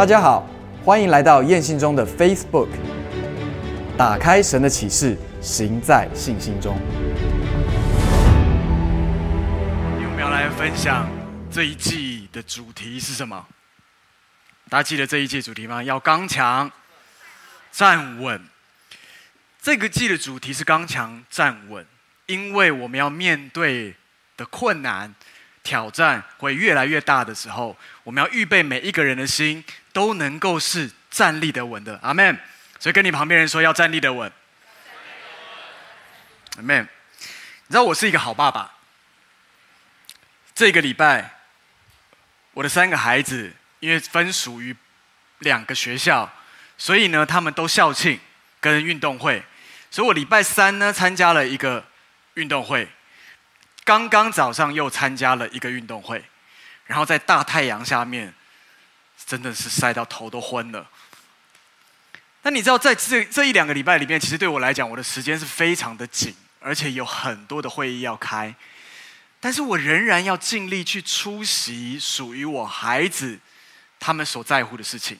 大家好，歡迎來到信心中的 Facebook，打開神的啟示，行在信心中。我們要來分享這一季的主題是什麼？大家記得這一季主題嗎？要剛強，站穩。這個季的主題是剛強站穩，因為我們要面對的困難挑戰會越來越大的時候，我們要預備每一個人的心，都能夠是站立得穩的，阿門。所以跟你旁邊人說，要站立得穩，阿門。你知道我是一個好爸爸。這個禮拜，我的三個孩子因為分屬於兩個學校，所以呢，他們都校慶跟運動會。所以我禮拜三呢參加了一個運動會，剛剛早上又參加了一個運動會，然後在大太陽下面，真的是曬到頭都昏了。那你知道，在這這一兩個禮拜裡面，其實對我來講，我的時間是非常的緊，而且有很多的會議要開，但是我仍然要盡力去出席屬於我孩子他們所在乎的事情。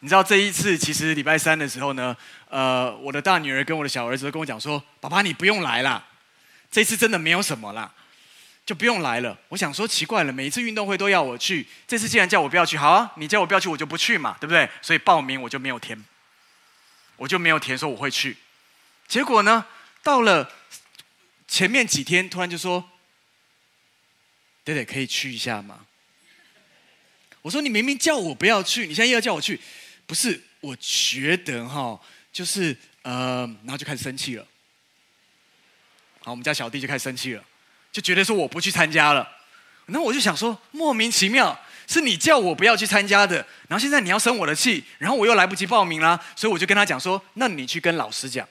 你知道，這一次其實禮拜三的時候呢，呃，我的大女兒跟我的小兒子都跟我講說：“爸爸，你不用來啦，這次真的沒有什麼啦。”就不用來了。我想說奇怪了，每一次運動會都要我去，這次竟然叫我不要去。好啊，你叫我不要去，我就不去嘛，對不對？所以報名我就沒有填，我就沒有填說我會去。結果呢，到了前面幾天，突然就說：“得得可以去一下嗎？”我說：“你明明叫我不要去，你現在又要叫我去？不是？我覺得哈、哦，就是呃，然後就開始生氣了。好，我們家小弟就開始生氣了。”就覺得說我不去參加了，那我就想說莫名其妙，是你叫我不要去參加的，然後現在你要生我的氣，然後我又來不及報名啦，所以我就跟他講說，那你去跟老師講，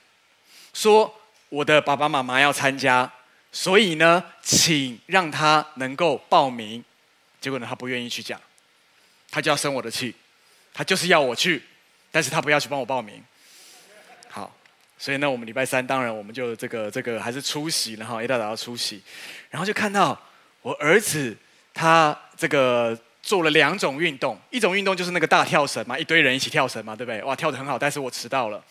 說我的爸爸媽媽要參加，所以呢，請讓他能夠報名。結果呢，他不願意去講，他就要生我的氣，他就是要我去，但是他不要去幫我報名。所以呢，我們禮拜三當然我們就這個這個還是出席，然後一大早要出席，然後就看到我兒子他這個做了兩種運動，一種運動就是那個大跳繩嘛，一堆人一起跳繩嘛，對不對？哇，跳得很好，但是我遲到了。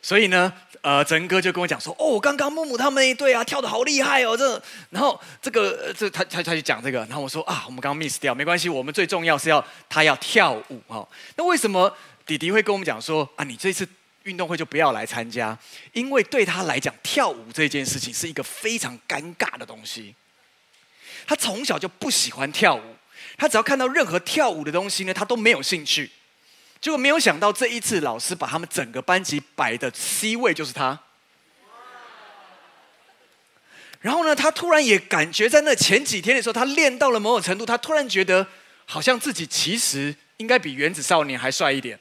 所以呢，呃，哲恩哥就跟我講說，哦，剛剛木木他們一隊啊，跳得好厲害哦，這，然後這個、呃、這他他他就講這個，然後我說啊，我們剛剛 miss 掉，沒關係，我們最重要是要他要跳舞哦。那為什麼弟弟會跟我們講說啊，你這次？運動會就不要來參加，因為對他來講，跳舞這件事情是一個非常尷尬的東西。他從小就不喜歡跳舞，他只要看到任何跳舞的東西呢，他都沒有興趣。結果沒有想到，這一次老師把他們整個班級擺的 C 位就是他。然後呢，他突然也感覺在那前幾天的時候，他練到了某種程度，他突然覺得好像自己其實應該比原子少年還帥一點。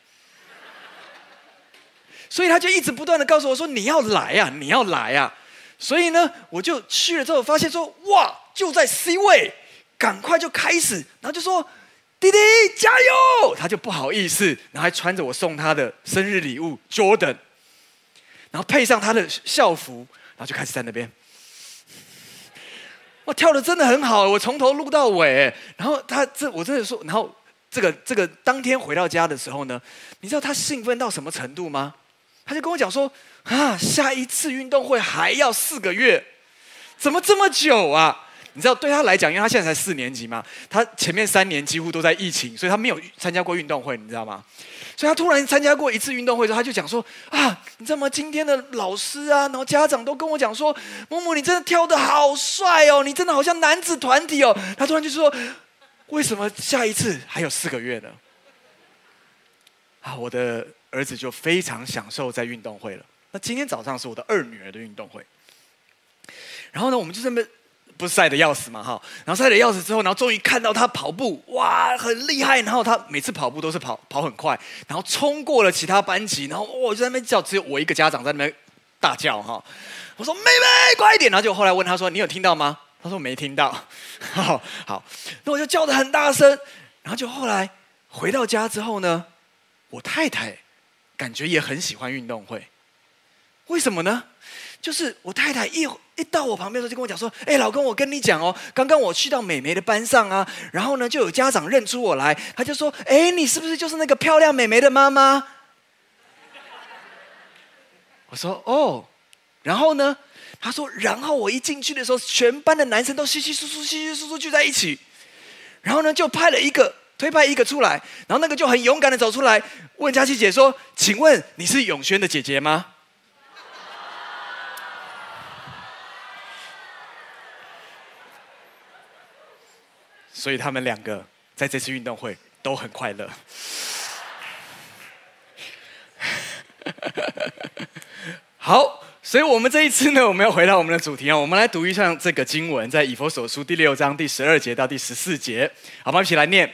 所以他就一直不斷的告訴我說：“你要來呀，你要來呀！”所以呢，我就去了之後發現說：“哇，就在 C 位，趕快就開始。”然後就說：“弟弟加油！”他就不好意思，然後還穿着我送他的生日禮物 Jordan，然後配上他的校服，然後就開始在那邊。我跳的真的很好，我從頭錄到尾。然後他這我真的說，然後這個這個當天回到家的時候呢，你知道他興奮到什麼程度嗎？他就跟我講說：“啊，下一次運動會還要四個月，怎麼這麼久啊？你知道，對他來講，因為他現在才四年級嘛，他前面三年幾乎都在疫情，所以他沒有參加過運動會，你知道嗎？所以他突然參加過一次運動會之後他就講說：‘啊，你怎麼今天的老師啊，然後家長都跟我講說，木木你真的跳得好帥哦，你真的好像男子團體哦。’他突然就說：‘為什麼下一次還有四個月呢？’啊，我的。”兒子就非常享受在運動會了。那今天早上是我的二女兒的運動會，然後呢，我們就在那邊不是曬得要死嘛，哈，然後曬得要死之後，然後終於看到她跑步，哇，很厲害。然後她每次跑步都是跑跑很快，然後衝過了其他班級，然後我就在那邊叫，只有我一個家長在那邊大叫哈。我說妹妹快一點，然後就後來問她說你有聽到嗎？她說我沒聽到。好，好，那我就叫得很大聲，然後就後來回到家之後呢，我太太。感覺也很喜歡運動會，為什麼呢？就是我太太一一到我旁邊的時候，就跟我講說：“哎，老公，我跟你講哦，剛剛我去到美眉的班上啊，然後呢，就有家長認出我來，他就說：‘哎，你是不是就是那個漂亮美眉的媽媽？’”我說：“哦。”然後呢，他說：“然後我一進去的時候，全班的男生都稀稀疏疏、稀稀疏疏聚在一起，然後呢，就派了一個。”推派一個出來，然後那個就很勇敢的走出來，問佳琪姐姐說：“請問你是永軒的姐姐嗎？”所以他們兩個在這次運動會都很快樂。 好，所以我們這一次呢，我們要回到我們的主題啊，我們來讀一下這個經文，在以弗所書第六章第十二節到第十四節，好嗎？我們一起來念。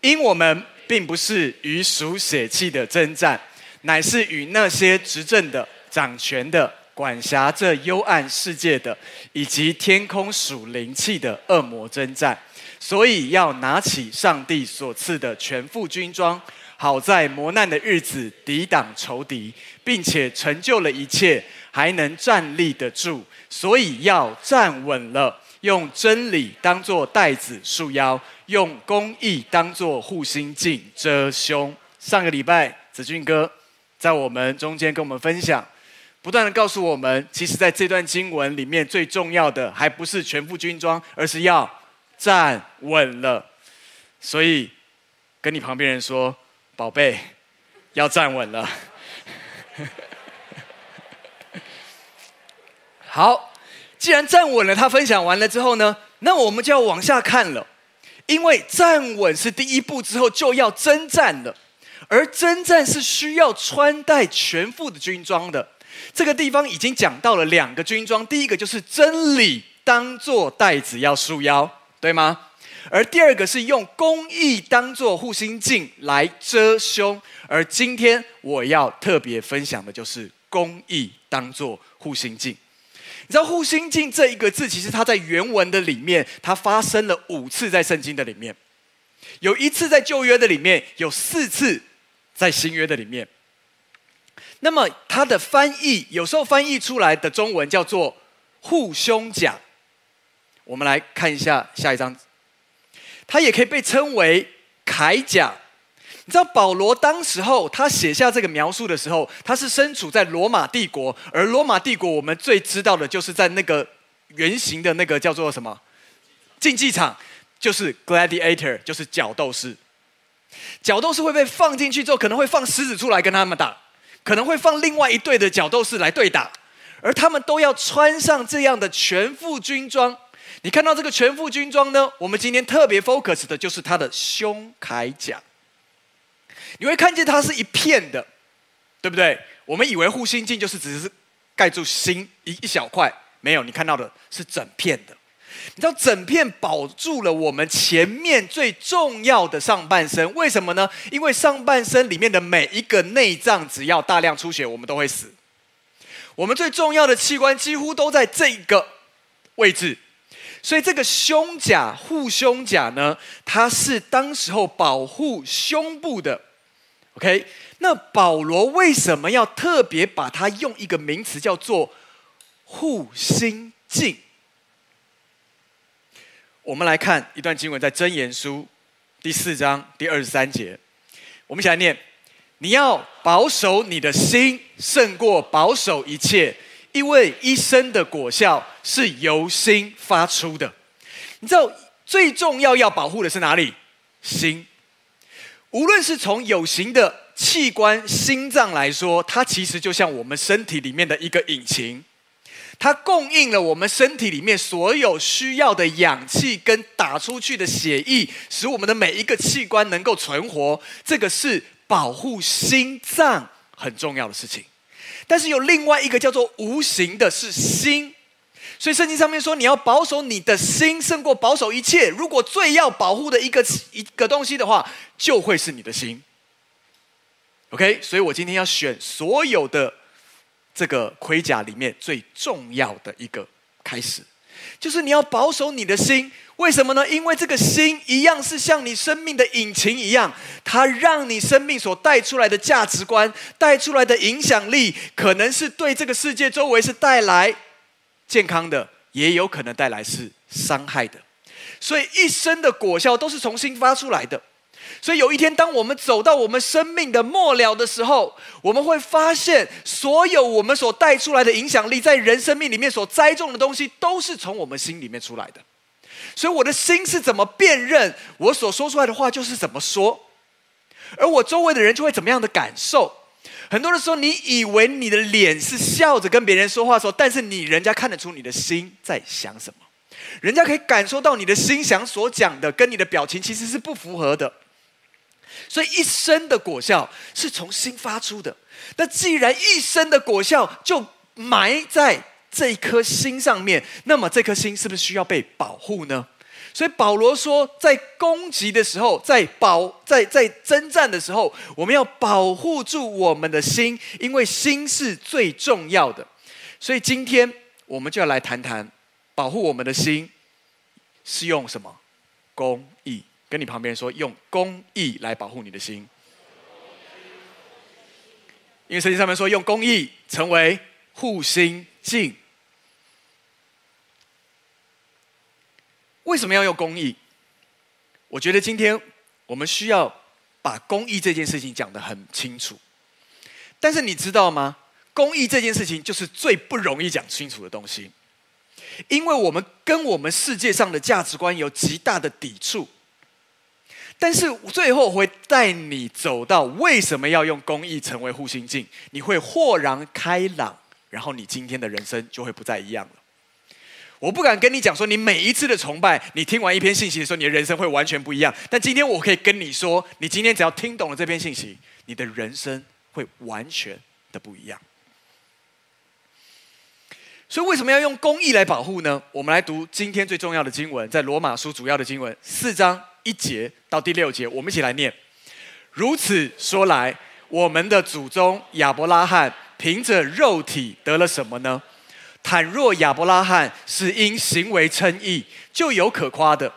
因我們並不是與屬血氣的爭戰，乃是與那些執政的、掌權的、管轄這幽暗世界的，以及天空屬靈氣的惡魔爭戰。所以要拿起上帝所賜的全副軍裝，好在磨難的日子抵擋仇敵，並且成就了一切，還能站立得住。所以要站穩了，用真理當作帶子束腰。用公義當做護心鏡遮胸。上個禮拜子俊哥在我們中間跟我們分享，不斷的告訴我們，其實在這段經文裡面最重要的，還不是全副軍裝，而是要站穩了。所以，跟你旁邊人說，寶貝，要站穩了。 好，既然站穩了，他分享完了之後呢，那我們就要往下看了。因為站穩是第一步，之後就要征戰了，而征戰是需要穿戴全副的軍裝的。這個地方已經講到了兩個軍裝，第一個就是真理當做帶子要束腰，對嗎？而第二個是用公義當做護心鏡來遮胸。而今天我要特別分享的就是公義當做護心鏡。你知道“護心鏡”這一個字，其實它在原文的裡面，它發生了五次在聖經的裡面，有一次在舊約的裡面，有四次在新約的裡面。那麼它的翻譯有時候翻譯出來的中文叫做“護胸甲”，我們來看一下下一張。它也可以被稱為鎧甲。你知道保羅當時候他寫下這個描述的時候，他是身處在羅馬帝國，而羅馬帝國我們最知道的就是在那個圓形的那個叫做什麼競技場，就是 gladiator，就是角鬥士。角鬥士會被放進去之後，可能會放獅子出來跟他們打，可能會放另外一隊的角鬥士來對打，而他們都要穿上這樣的全副軍裝。你看到這個全副軍裝呢？我們今天特別 focus 的就是他的胸鎧甲。你會看見它是一片的，對不對？我們以為護心鏡就是只是蓋住心一一小塊，沒有，你看到的是整片的。你知道整片保住了我們前面最重要的上半身，為什麼呢？因為上半身裡面的每一個內臟，只要大量出血，我們都會死。我們最重要的器官幾乎都在這個位置，所以這個胸甲，護胸甲呢，它是當時候保護胸部的。OK，那保羅為什麼要特別把它用一個名詞叫做“護心鏡”？我們來看一段經文，在《箴言書》第四章第二十三節。我們一起來念：“你要保守你的心，勝過保守一切，因為一生的果效是由心發出的。”你知道最重要要保護的是哪裡？心。無論是從有形的器官心臟來說，它其實就像我們身體裡面的一個引擎，它供應了我們身體裡面所有需要的氧氣跟打出去的血液，使我們的每一個器官能夠存活。這個是保護心臟很重要的事情。但是有另外一個叫做無形的，是心。所以聖經上面說，你要保守你的心勝過保守一切。如果最要保護的一個一個東西的話，就會是你的心。OK，所以我今天要選所有的這個盔甲裡面最重要的一個開始，就是你要保守你的心。為什麼呢？因為這個心一樣是像你生命的引擎一樣，它讓你生命所帶出來的價值觀、帶出來的影響力，可能是對這個世界周圍是帶來。健康的，也有可能帶來是傷害的，所以一生的果效都是重新發出來的。所以有一天，當我們走到我們生命的末了的時候，我們會發現，所有我們所帶出來的影響力，在人生命裡面所栽種的東西，都是從我們心裡面出來的。所以我的心是怎麼辨認，我所說出來的話就是怎麼說，而我周圍的人就會怎麼樣的感受。很多人說，你以為你的臉是笑着跟別人說話的時候，但是你人家看得出你的心在想什麼，人家可以感受到你的心想所講的跟你的表情其實是不符合的。所以一生的果效是從心發出的。那既然一生的果效就埋在這一顆心上面，那麼這顆心是不是需要被保護呢？所以保羅說，在攻擊的時候，在保在在征戰的時候，我們要保護住我們的心，因為心是最重要的。所以今天我們就要來談談，保護我們的心是用什麼？公義。跟你旁邊說，用公義來保護你的心，因為聖經上面說，用公義成為護心鏡。為什麼要用公義？我覺得今天我們需要把公義這件事情講得很清楚。但是你知道嗎？公義這件事情就是最不容易講清楚的東西，因為我們跟我們世界上的價值觀有極大的抵觸。但是最後會帶你走到為什麼要用公義成為護心鏡，你會豁然開朗，然後你今天的人生就會不再一樣了。我不敢跟你講說，你每一次的崇拜，你聽完一篇信息的時候，你的人生會完全不一樣。但今天我可以跟你說，你今天只要聽懂了這篇信息，你的人生會完全的不一樣。所以，為什麼要用公義來保護呢？我們來讀今天最重要的經文，在羅馬書主要的經文四章一節到第六節，我們一起來念。如此說來，我們的祖宗亞伯拉罕憑着肉體得了什麼呢？倘若亞伯拉罕是因行為稱義，就有可誇的；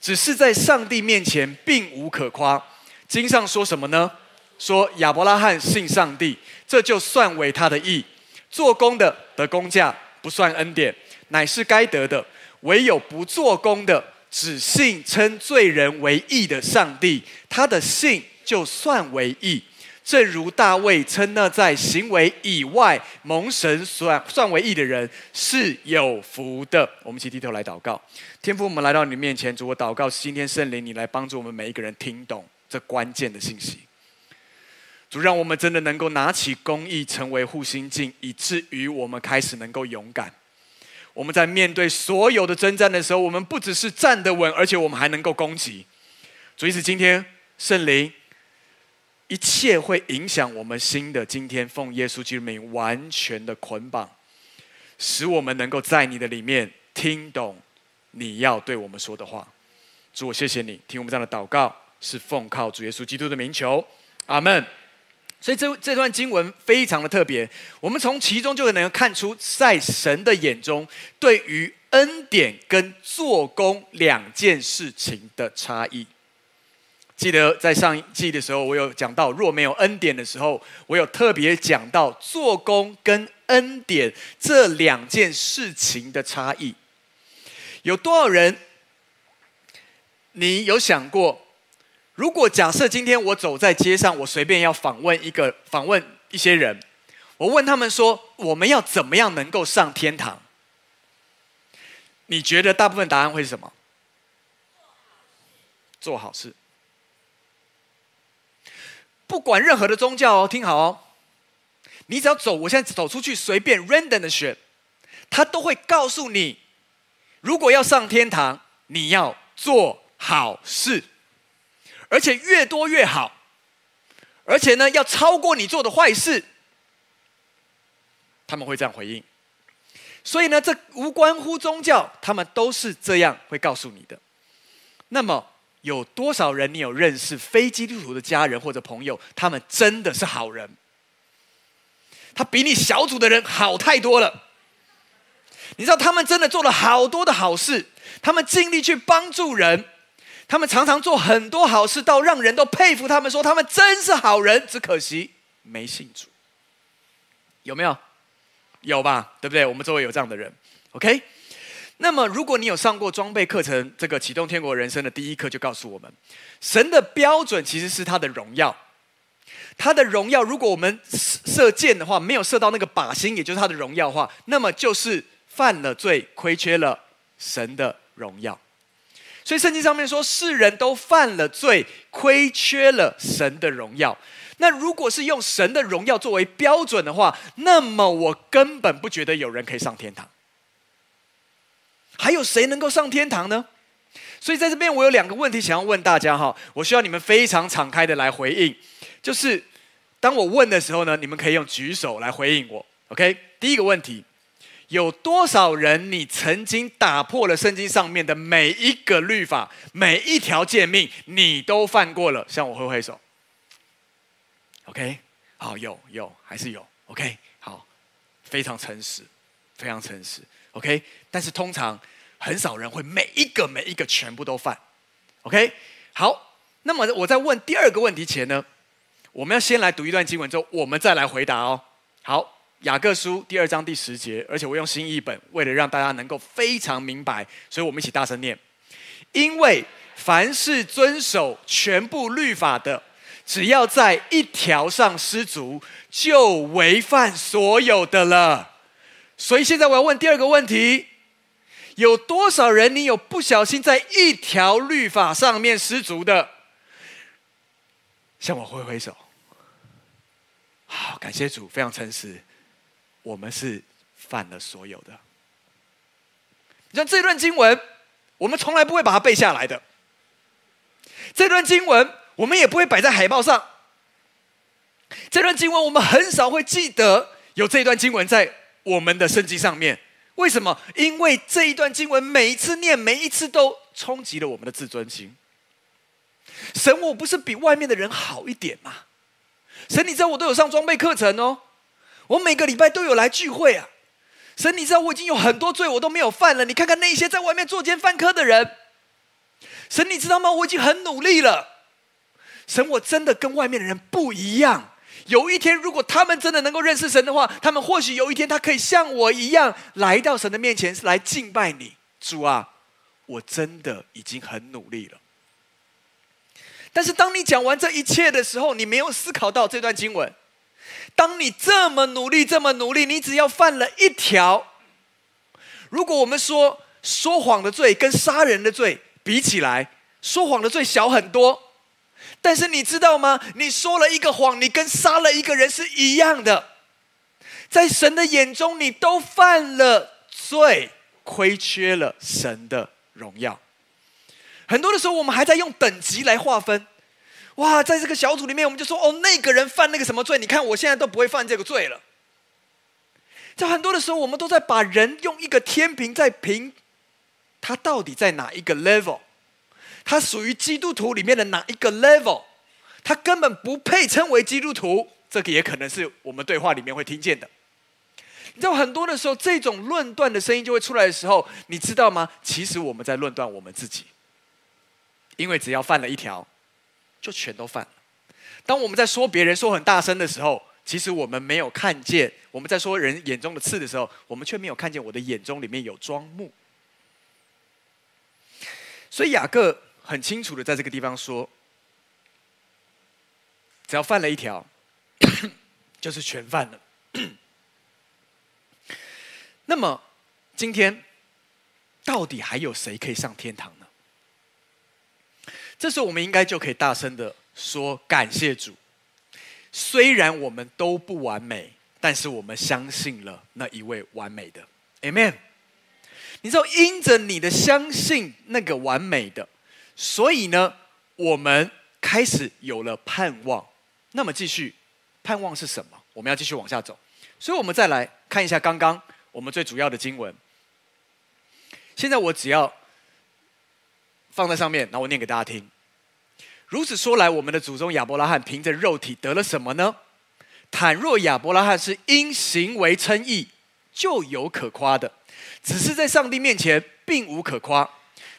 只是在上帝面前，並無可誇。經上說什麼呢？說亞伯拉罕信上帝，這就算為他的義。做工的得工價不算恩典，乃是該得的；唯有不做工的，只信稱罪人為義的上帝，他的信就算為義。正如大衛稱那在行為以外蒙神算算為義的人是有福的。我們一起低頭來禱告。天父，我們來到你面前，主我禱告，今天聖靈你來幫助我們每一個人聽懂這關鍵的信息。主，讓我們真的能夠拿起公義成為護心鏡，以至於我們開始能夠勇敢。我們在面對所有的爭戰的時候，我們不只是站得穩，而且我們還能夠攻擊。主，是今天聖靈。一切會影響我們心的今天，奉耶穌基督名完全的捆綁，使我們能夠在你的裡面聽懂你要對我們說的話。主，我謝謝你，聽我們這樣的禱告是奉靠主耶穌基督的名求，阿門。所以這這段經文非常的特別，我們從其中就能夠看出，在神的眼中，對於恩典跟做工兩件事情的差異。記得在上一季的時候，我有講到，若沒有恩典的時候，我有特別講到做工跟恩典這兩件事情的差異。有多少人，你有想過？如果假設今天我走在街上，我隨便要訪問一個、訪問一些人，我問他們說：“我們要怎麼樣能夠上天堂？”你覺得大部分答案會是什麼？做好事。不管任何的宗教哦，聽好哦，你只要走，我現在走出去隨便 random 的選，他都會告訴你，如果要上天堂，你要做好事，而且越多越好，而且呢，要超過你做的壞事，他們會這樣回應。所以呢，這無關乎宗教，他們都是這樣會告訴你的。那麼。有多少人？你有認識非基督徒的家人或者朋友？他們真的是好人，他比你小組的人好太多了。你知道他們真的做了好多的好事，他們盡力去幫助人，他們常常做很多好事到讓人都佩服他們，說他們真是好人。只可惜沒信主，有沒有？有吧？對不對？我們周圍有這樣的人，OK。那麼，如果你有上過裝備課程，這個啟動天國人生的第一課就告訴我們，神的標準其實是他的榮耀，他的榮耀。如果我們射箭的話，沒有射到那個靶心，也就是他的榮耀的話，那麼就是犯了罪，虧缺了神的榮耀。所以聖經上面說，世人都犯了罪，虧缺了神的榮耀。那如果是用神的榮耀作為標準的話，那麼我根本不覺得有人可以上天堂。還有誰能夠上天堂呢？所以在這邊，我有兩個問題想要問大家哈、哦，我需要你們非常敞開的來回應。就是當我問的時候呢，你們可以用舉手來回應我。OK，第一個問題，有多少人你曾經打破了聖經上面的每一個律法，每一條誡命，你都犯過了？向我揮揮手。OK，好，有，有，還是有。OK，好，非常誠實，非常誠實。OK，但是通常很少人會每一個每一個全部都犯。OK，好，那麼我在問第二個問題前呢，我們要先來讀一段經文，之後我們再來回答哦。好，雅各書第二章第十節，而且我用新譯本，為了讓大家能夠非常明白，所以我們一起大聲念：因為凡是遵守全部律法的，只要在一條上失足，就違反所有的了。所以現在我要問第二個問題：有多少人？你有不小心在一條律法上面失足的？向我揮揮手。好，感謝主，非常誠實。我們是犯了所有的。你像這段經文，我們從來不會把它背下來的。這段經文，我們也不會擺在海報上。這段經文，我們很少會記得有這段經文在。我們的聖經上面，為什麼？因為這一段經文每一次念，每一次都衝擊了我們的自尊心。神，我不是比外面的人好一點嗎？神，你知道我都有上裝備課程哦，我每個禮拜都有來聚會啊。神，你知道我已經有很多罪我都沒有犯了。你看看那些在外面作奸犯科的人，神，你知道嗎？我已經很努力了。神，我真的跟外面的人不一樣。有一天，如果他們真的能夠認識神的話，他們或許有一天，他可以像我一樣來到神的面前來敬拜你。主啊，我真的已經很努力了。但是，當你講完這一切的時候，你沒有思考到這段經文。當你這麼努力，這麼努力，你只要犯了一條。如果我們說說謊的罪跟殺人的罪比起來，說謊的罪小很多。但是你知道嗎？你說了一個謊，你跟殺了一個人是一樣的，在神的眼中，你都犯了罪，虧缺了神的榮耀。很多的時候，我們還在用等級來劃分。哇，在這個小組裡面，我們就說哦，那個人犯那個什麼罪？你看，我現在都不會犯這個罪了。在很多的時候，我們都在把人用一個天平在評，他到底在哪一個 level。他屬於基督徒裡面的哪一個 level？他根本不配稱為基督徒。這個也可能是我們對話裡面會聽見的。你知道，很多的時候，這種論斷的聲音就會出來的時候，你知道嗎？其實我們在論斷我們自己，因為只要犯了一條，就全都犯了。當我們在說別人說很大聲的時候，其實我們沒有看見，我們在說人眼中的刺的時候，我們卻沒有看見我的眼中裡面有樑木。所以雅各。很清楚的，在這個地方說，只要犯了一條， 就是全犯了。 那麼，今天到底還有誰可以上天堂呢？這時候，我們應該就可以大聲的說：“感謝主，雖然我們都不完美，但是我們相信了那一位完美的。”Amen。你知道，因着你的相信，那個完美的。所以呢，我們開始有了盼望。那麼繼續，盼望是什麼？我們要繼續往下走。所以，我們再來看一下剛剛我們最主要的經文。現在我只要放在上面，然後我念給大家聽。如此說來，我們的祖宗亞伯拉罕憑着肉體得了什麼呢？倘若亞伯拉罕是因行為稱義，就有可誇的；只是在上帝面前，並無可誇。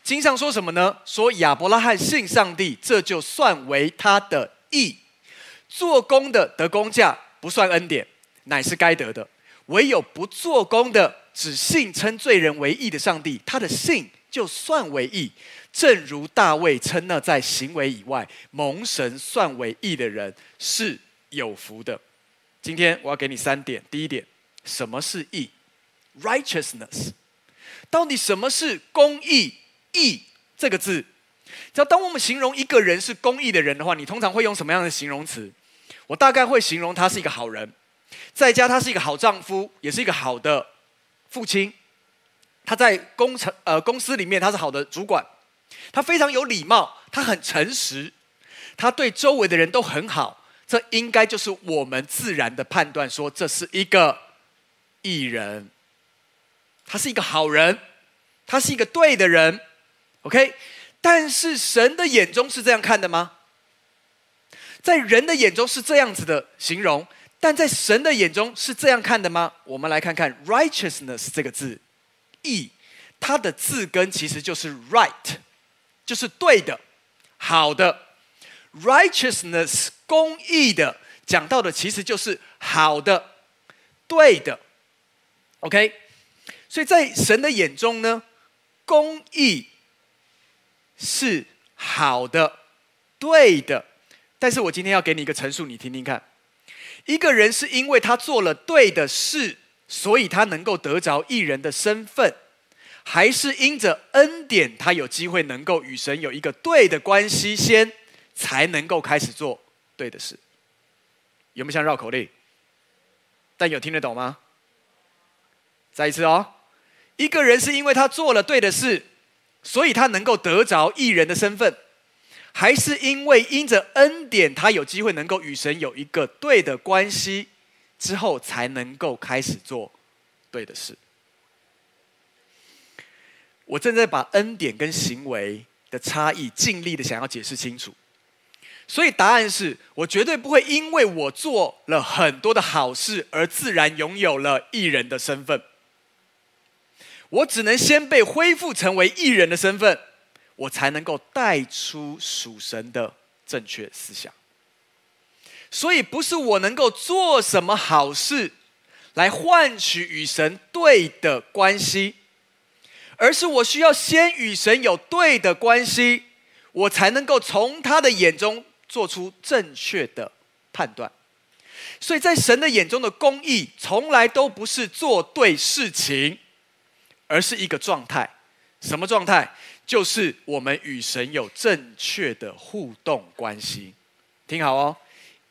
經上說什麼呢？說亞伯拉罕信上帝，這就算為他的義。做工的得工價，不算恩典，乃是該得的。唯有不做工的，只信稱罪人為義的上帝，他的信就算為義。正如大衛稱那在行為以外蒙神算為義的人是有福的。今天我要給你三點。第一點，什麼是義？Righteousness，到底什麼是公義？義這個字，只要當我們形容一個人是公義的人的話，你通常會用什麼樣的形容詞？我大概會形容他是一個好人，在家他是一個好丈夫，也是一個好的父親。他在工程呃公司裡面，他是好的主管，他非常有禮貌，他很誠實，他對周圍的人都很好。這應該就是我們自然的判斷，說這是一個義人，他是一個好人，他是一個對的人。OK，但是神的眼中，是這樣看的嗎？在人的眼中，是這樣子的形容，但在神的眼中，是這樣看的嗎？我們來看看 “righteousness” 這個字，意它的字根其實就是 “right”，就是對的、好的。“righteousness” 公義的，講到的其實就是好的、對的。OK，所以在神的眼中呢，公義。是好的，對的，但是我今天要給你一個陳述，你聽聽看。一個人是因為他做了對的事，所以他能夠得着義人的身份，還是因着恩典，他有機會能夠與神有一個對的關係先，才能夠開始做對的事。有沒有像繞口令？但有聽得懂嗎？再一次哦，一個人是因為他做了對的事。所以他能夠得着義人的身份，還是因為因着恩典，他有機會能夠與神有一個對的關係，之後才能夠開始做對的事。我正在把恩典跟行為的差異盡力的想要解釋清楚。所以答案是我絕對不會因為我做了很多的好事而自然擁有了義人的身份。我只能先被恢復成為義人的身份，我才能夠帶出屬神的正確思想。所以，不是我能夠做什麼好事來換取與神對的關係，而是我需要先與神有對的關係，我才能夠從他的眼中做出正確的判斷。所以在神的眼中的公義，從來都不是做對事情。而是一個狀態，什麼狀態？就是我們與神有正確的互動關係。聽好哦，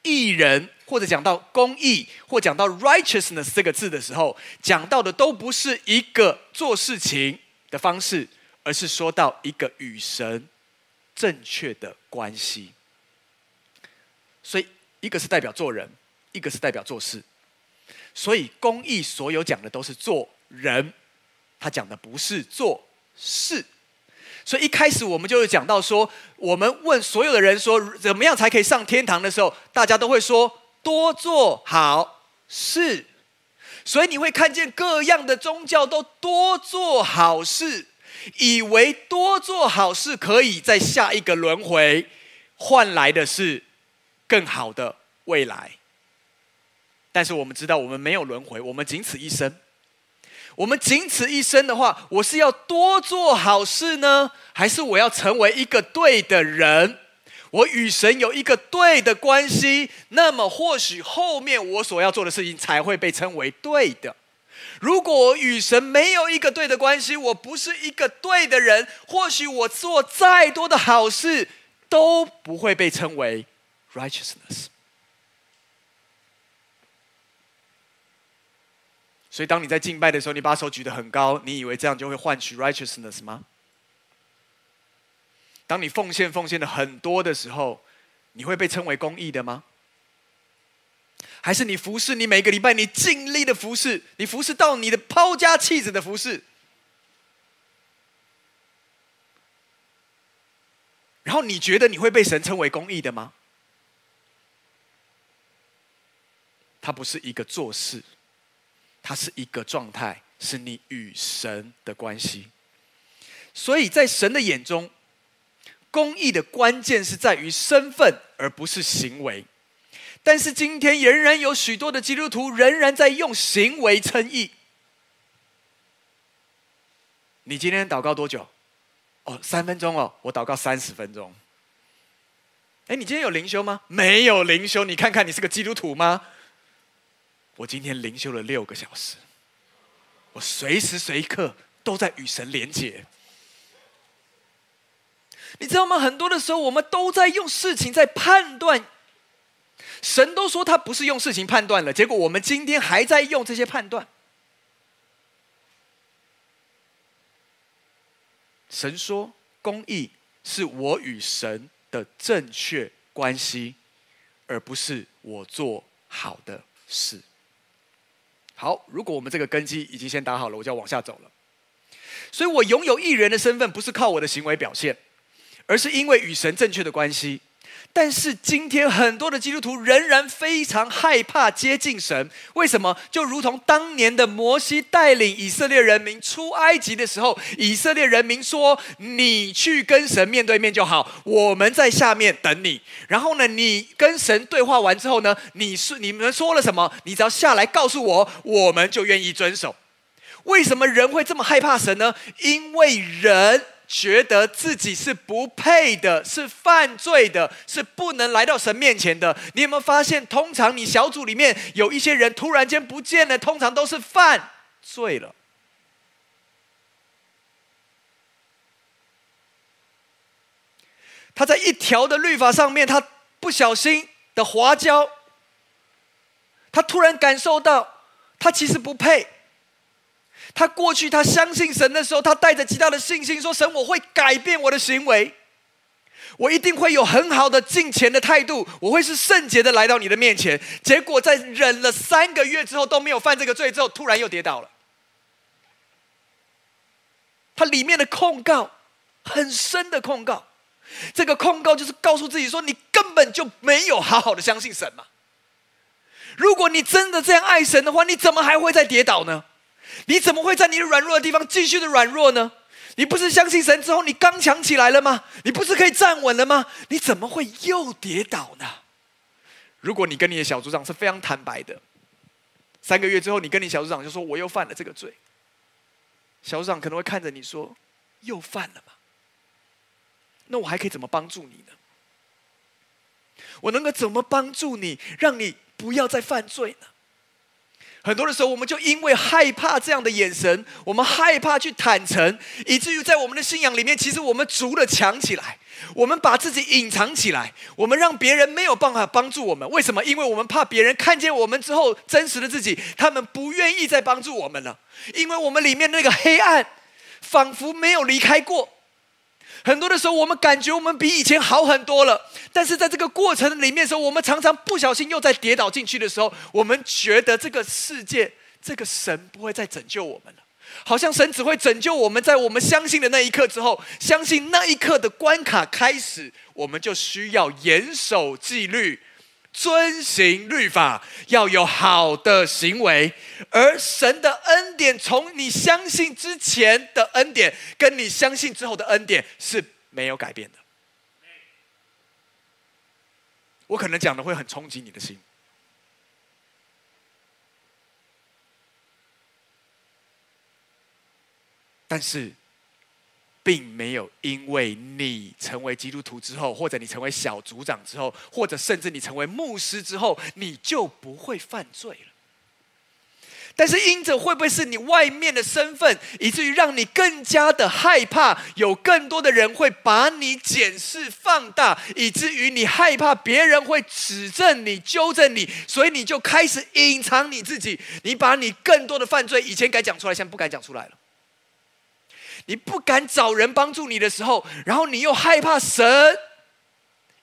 義人或者講到公義，或講到 righteousness 這個字的時候，講到的都不是一個做事情的方式，而是說到一個與神正確的關係。所以，一個是代表做人，一個是代表做事。所以，公義所有講的都是做人。他講的不是做事，所以一開始我們就會講到說，我們問所有的人說，怎麼樣才可以上天堂的時候，大家都會說多做好事。所以你會看見各樣的宗教都多做好事，以為多做好事可以在下一個輪迴換來的是更好的未來。但是我們知道，我們沒有輪迴，我們僅此一生。我們僅此一生的話，我是要多做好事呢？還是我要成為一個對的人？我與神有一個對的關係，那麼或許後面我所要做的事情才會被稱為對的。如果我與神沒有一個對的關係，我不是一個對的人，或許我做再多的好事都不會被稱為 righteousness。所以，當你在敬拜的時候，你把手舉得很高，你以為這樣就會換取 righteousness 嗎？當你奉獻奉獻的很多的時候，你會被稱為公義的嗎？還是你服侍你每個禮拜，你盡力的服侍，你服侍到你的拋家棄子的服侍，然後你覺得你會被神稱為公義的嗎？它不是一個做事。它是一個狀態，是你與神的關係。所以在神的眼中，公義的關鍵是在於身份，而不是行為。但是今天仍然有許多的基督徒仍然在用行為稱義。你今天禱告多久？哦，三分鐘哦，我禱告三十分鐘。哎，你今天有靈修嗎？沒有靈修，你看看你是個基督徒嗎？我今天靈修了六個小時，我隨時隨刻都在與神連接。你知道嗎？很多的時候，我們都在用事情在判斷。神都說他不是用事情判斷了，結果我們今天還在用這些判斷。神說，公義是我與神的正確關係，而不是我做好的事。好，如果我們這個根基已經先打好了，我就要往下走了。所以我擁有義人的身份，不是靠我的行為表現，而是因為與神正確的關係。但是今天很多的基督徒仍然非常害怕接近神，為什麼？就如同當年的摩西帶領以色列人民出埃及的時候，以色列人民說：“你去跟神面對面就好，我們在下面等你。”然後呢，你跟神對話完之後呢，你是你們說了什麼？你只要下來告訴我，我們就願意遵守。為什麼人會這麼害怕神呢？因為人。覺得自己是不配的，是犯罪的，是不能來到神面前的。你有沒有發現？通常你小組裡面有一些人突然間不見了，通常都是犯罪了。他在一條的律法上面，他不小心的滑跤，他突然感受到，他其實不配。他過去，他相信神的時候，他帶着極大的信心說：“神，我會改變我的行為，我一定會有很好的敬虔的態度，我會是聖潔的來到你的面前。”結果在忍了三個月之後都沒有犯這個罪之後，突然又跌倒了。他裡面的控告，很深的控告，這個控告就是告訴自己說：“你根本就沒有好好的相信神嘛！如果你真的這樣愛神的話，你怎麼還會再跌倒呢？”你怎麼會在你的軟弱的地方繼續的軟弱呢？你不是相信神之後你剛強起來了嗎？你不是可以站穩了嗎？你怎麼會又跌倒呢？如果你跟你的小組長是非常坦白的，三個月之後你跟你小組長就說我又犯了這個罪，小組長可能會看着你說又犯了嗎？那我還可以怎麼幫助你呢？我能夠怎麼幫助你，讓你不要再犯罪呢？很多的時候，我們就因為害怕這樣的眼神，我們害怕去坦誠，以至於在我們的信仰裡面，其實我們築了牆起來，我們把自己隱藏起來，我們讓別人沒有辦法幫助我們。為什麼？因為我們怕別人看見我們之後真實的自己，他們不願意再幫助我們了。因為我們裡面那個黑暗，仿佛沒有離開過。很多的時候，我們感覺我們比以前好很多了，但是在這個過程裡面的時候，我們常常不小心又再跌倒進去的時候，我們覺得這個世界、這個神不會再拯救我們了，好像神只會拯救我們在我們相信的那一刻之後，相信那一刻的關卡開始，我們就需要嚴守紀律。遵行律法，要有好的行為，而神的恩典從你相信之前的恩典，跟你相信之後的恩典是沒有改變的。我可能講的會很衝擊你的心，但是。並沒有因為你成為基督徒之後，或者你成為小組長之後，或者甚至你成為牧師之後，你就不會犯罪了。但是，因着會不會是你外面的身份，以至於讓你更加的害怕，有更多的人會把你檢視放大，以至於你害怕別人會指證你、糾正你，所以你就開始隱藏你自己，你把你更多的犯罪以前敢講出來，現在不敢講出來了。你不敢找人幫助你的時候，然後你又害怕神，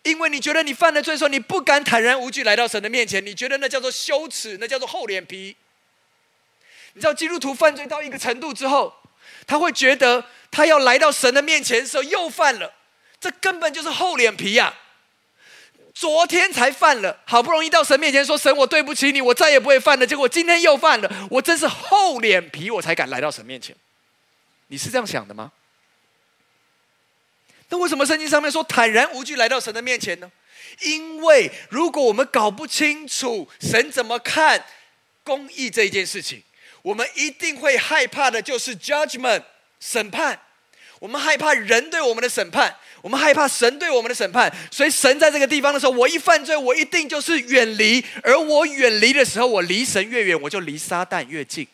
因為你覺得你犯了罪，說你不敢坦然無懼來到神的面前，你覺得那叫做羞恥，那叫做厚臉皮。你知道基督徒犯罪到一個程度之後，他會覺得他要來到神的面前的時候又犯了，這根本就是厚臉皮呀、啊！昨天才犯了，好不容易到神面前說神我對不起你，我再也不會犯了，結果今天又犯了，我真是厚臉皮，我才敢來到神面前。你是這樣想的嗎？那為什麼聖經上面說坦然無懼來到神的面前呢？因為如果我們搞不清楚神怎麼看公義這一件事情，我們一定會害怕的，就是 judgment 審判。我們害怕人對我們的審判，我們害怕神對我們的審判。所以神在這個地方的時候，我一犯罪，我一定就是遠離。而我遠離的時候，我離神越遠，我就離撒旦越近。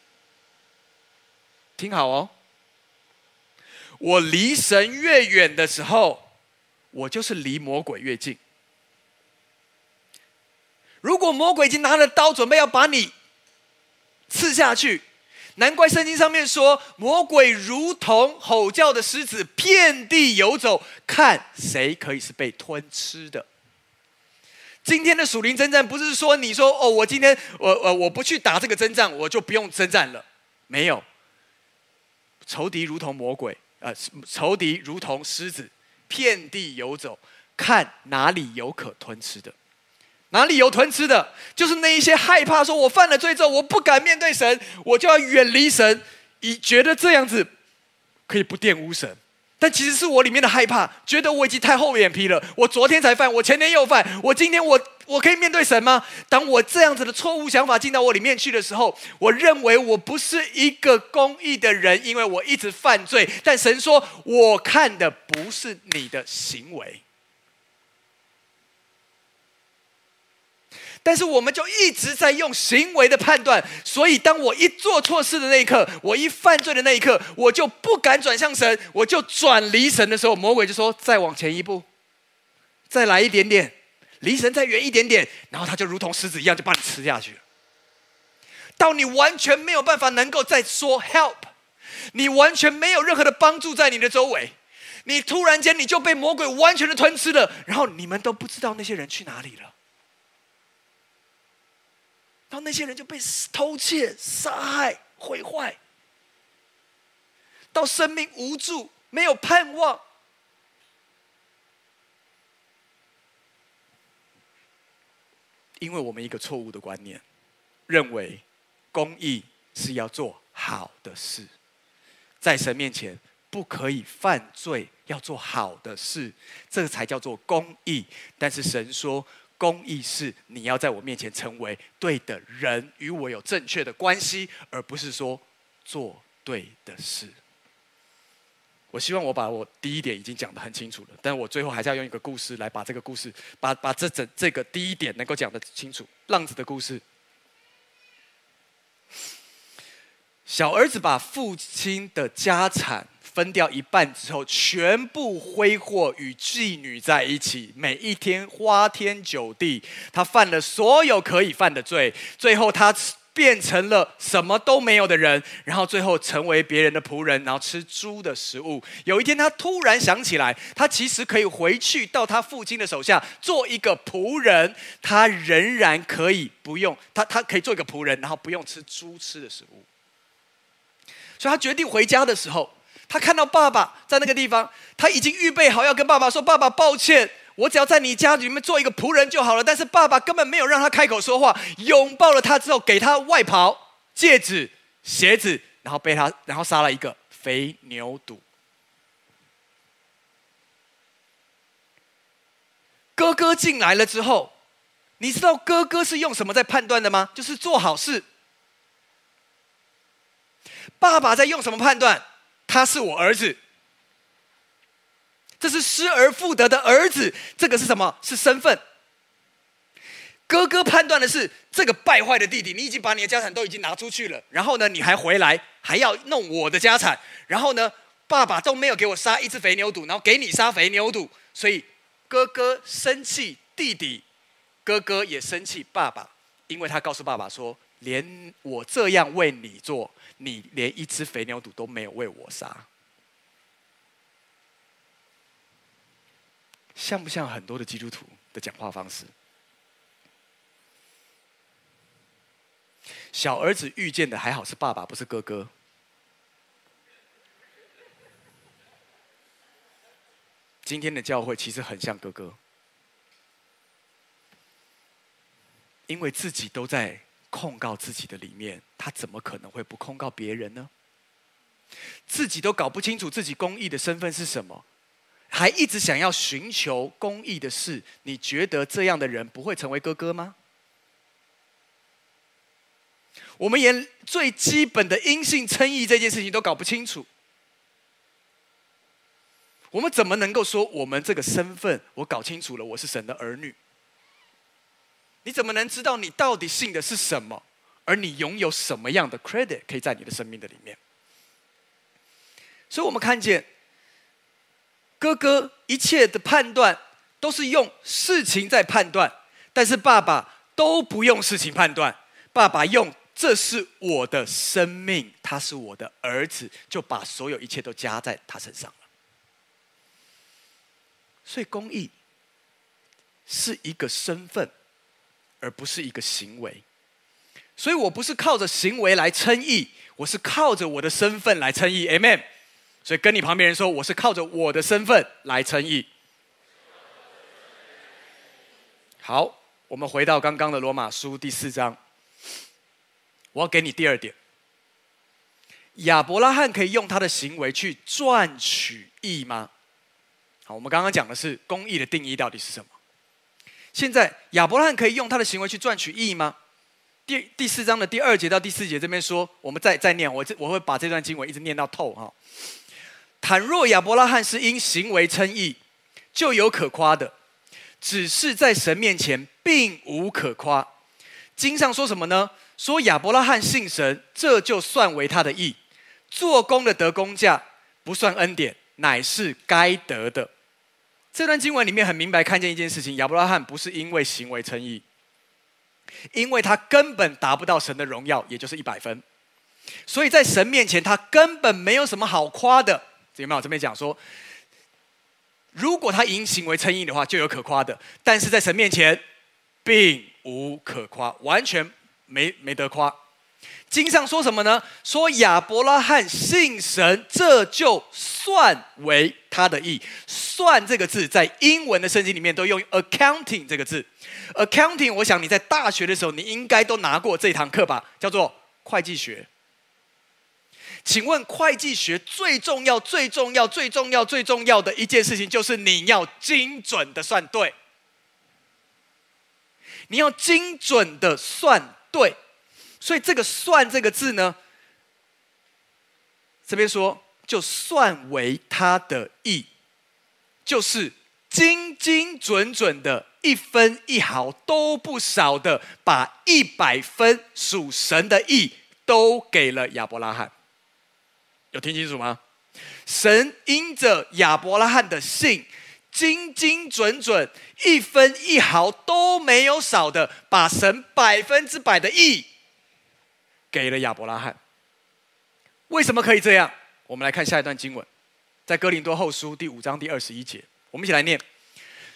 聽好哦。我離神越遠的時候，我就是離魔鬼越近。如果魔鬼已經拿了刀，準備要把你刺下去，難怪聖經上面說，魔鬼如同吼叫的獅子，遍地遊走，看誰可以是被吞吃的。今天的屬靈爭戰，不是說你說哦，我今天我我我不去打這個爭戰，我就不用爭戰了，沒有。仇敵如同魔鬼。呃，仇敵如同獅子，遍地游走，看哪裡有可吞吃的，哪裡有吞吃的，就是那一些害怕，說我犯了罪之後，我不敢面對神，我就要遠離神，以覺得這樣子可以不玷污神，但其實是我裡面的害怕，覺得我已經太厚臉皮了，我昨天才犯，我前天又犯，我今天我，我可以面對神嗎？當我這樣子的錯誤想法進到我裡面去的時候，我認為我不是一個公義的人，因為我一直犯罪。但神說，我看的不是你的行為。但是我們就一直在用行為的判斷，所以當我一做錯事的那一刻，我一犯罪的那一刻，我就不敢轉向神，我就轉離神的時候，魔鬼就說：“再往前一步，再來一點點。”離神再遠一點點，然後他就如同獅子一樣，就把你吃下去了。到你完全沒有辦法能夠再說 “help”，你完全沒有任何的幫助在你的周圍，你突然間你就被魔鬼完全的吞吃了。然後你們都不知道那些人去哪裡了。到那些人就被偷竊、殺害、毀壞，到生命無助，沒有盼望。因為我們一個錯誤的觀念，認為公義是要做好的事，在神面前不可以犯罪，要做好的事，這才叫做公義。但是神說，公義是你要在我面前成為對的人，與我有正確的關係，而不是說做對的事。我希望我把我第一點已經講得很清楚了，但我最後還是要用一個故事來把這個故事，把把這整這個第一點能夠講得清楚。浪子的故事，小兒子把父親的家產分掉一半之後，全部揮霍與妓女在一起，每一天花天酒地，他犯了所有可以犯的罪，最後他。變成了什麼都沒有的人，然後最後成為別人的僕人，然後吃豬的食物。有一天，他突然想起來，他其實可以回去到他父親的手下做一個僕人，他仍然可以不用，他，他可以做一個僕人，然後不用吃豬吃的食物。所以他決定回家的時候，他看到爸爸在那個地方，他已經預備好要跟爸爸說：“爸爸，抱歉。”我只要在你家裡面做一個僕人就好了，但是爸爸根本沒有讓他開口說話。擁抱了他之後，給他外袍、戒指、鞋子，然後被他，然後殺了一個肥牛犢。哥哥進來了之後，你知道哥哥是用什麼在判斷的嗎？就是做好事。爸爸在用什麼判斷？他是我兒子。這是失而復得的兒子，這個是什麼？是身份。哥哥判斷的是這個敗壞的弟弟，你已經把你的家產都已經拿出去了，然後呢，你還回來，還要弄我的家產，然後呢，爸爸都沒有給我殺一隻肥牛犢，然後給你殺肥牛犢，所以哥哥生氣，弟弟，哥哥也生氣，爸爸，因為他告訴爸爸說，連我這樣為你做，你連一隻肥牛犢都沒有為我殺。像不像很多的基督徒的講話方式？小兒子遇見的還好是爸爸，不是哥哥。今天的教會其實很像哥哥，因為自己都在控告自己的裡面，他怎麼可能會不控告別人呢？自己都搞不清楚自己公義的身份是什麼。還一直想要尋求公義的事，你覺得這樣的人不會成為哥哥嗎？我們連最基本的因信稱義這件事情都搞不清楚，我們怎麼能夠說我們這個身份我搞清楚了，我是神的兒女？你怎麼能知道你到底信的是什麼，而你擁有什麼樣的 credit 可以在你的生命的裡面？所以，我們看見。哥、哥，一切的判斷都是用事情在判斷，但是爸爸都不用事情判斷，爸爸用這是我的生命，他是我的兒子，就把所有一切都加在他身上了。所以公義是一個身份，而不是一個行為。所以我不是靠着行為來稱義，我是靠着我的身份來稱義。阿門。所以跟你旁邊人說，我是靠着我的身份來稱義。好，我們回到剛剛的羅馬書第四章。我要給你第二點：亞伯拉罕可以用他的行為去賺取義嗎？好，我們剛剛講的是公義的定義到底是什麼？現在亞伯拉罕可以用他的行為去賺取義嗎？第第四章的第二節到第四節這邊說，我們再再念，我這我會把這段經文一直念到透哈。哦倘若亞伯拉罕是因行為稱義，就有可誇的；只是在神面前，並無可誇。經上說什麼呢？說亞伯拉罕信神，這就算為他的義。做工的得工價，不算恩典，乃是該得的。這段經文裡面很明白看見一件事情：亞伯拉罕不是因為行為稱義，因為他根本達不到神的榮耀，也就是一百分。所以在神面前，他根本沒有什麼好誇的。這有沒有這邊講說，如果他因行為稱義的話，就有可誇的；但是在神面前，並無可誇，完全沒沒得誇。經上說什麼呢？說亞伯拉罕信神，這就算為他的義。算這個字在英文的聖經裡面都用 accounting 這個字，accounting，我想你在大學的時候，你應該都拿過這堂課吧，叫做會計學。請問會計學最重要、最重要、最重要、最重要的一件事情，就是你要精準的算對。你要精準的算對，所以這個“算”這個字呢，這邊說，就算為他的義，就是精精準準準的一分一毫都不少的，把一百分屬神的義都給了亞伯拉罕。有聽清楚嗎？神因着亞伯拉罕的信，精精準準，一分一毫都沒有少的，把神百分之百的義給了亞伯拉罕。為什麼可以這樣？我們來看下一段經文，在哥林多後書第五章第二十一節，我們一起來念：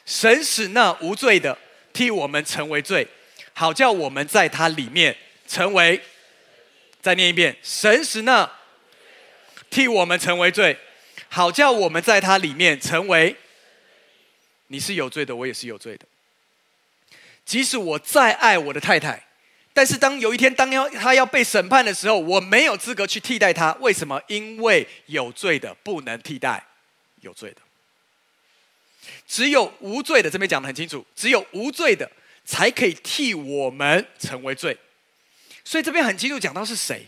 神使那無罪的替我們成為罪，好叫我們在他裡面成為。再念一遍：神使那。替我們成為罪，好叫我們在他裡面成為。你是有罪的，我也是有罪的。即使我再愛我的太太，但是當有一天，當要他要被審判的時候，我沒有資格去替代他。為什麼？因為有罪的不能替代，有罪的只有無罪的。這邊講得很清楚，只有無罪的才可以替我們成為罪。所以這邊很清楚講到是誰。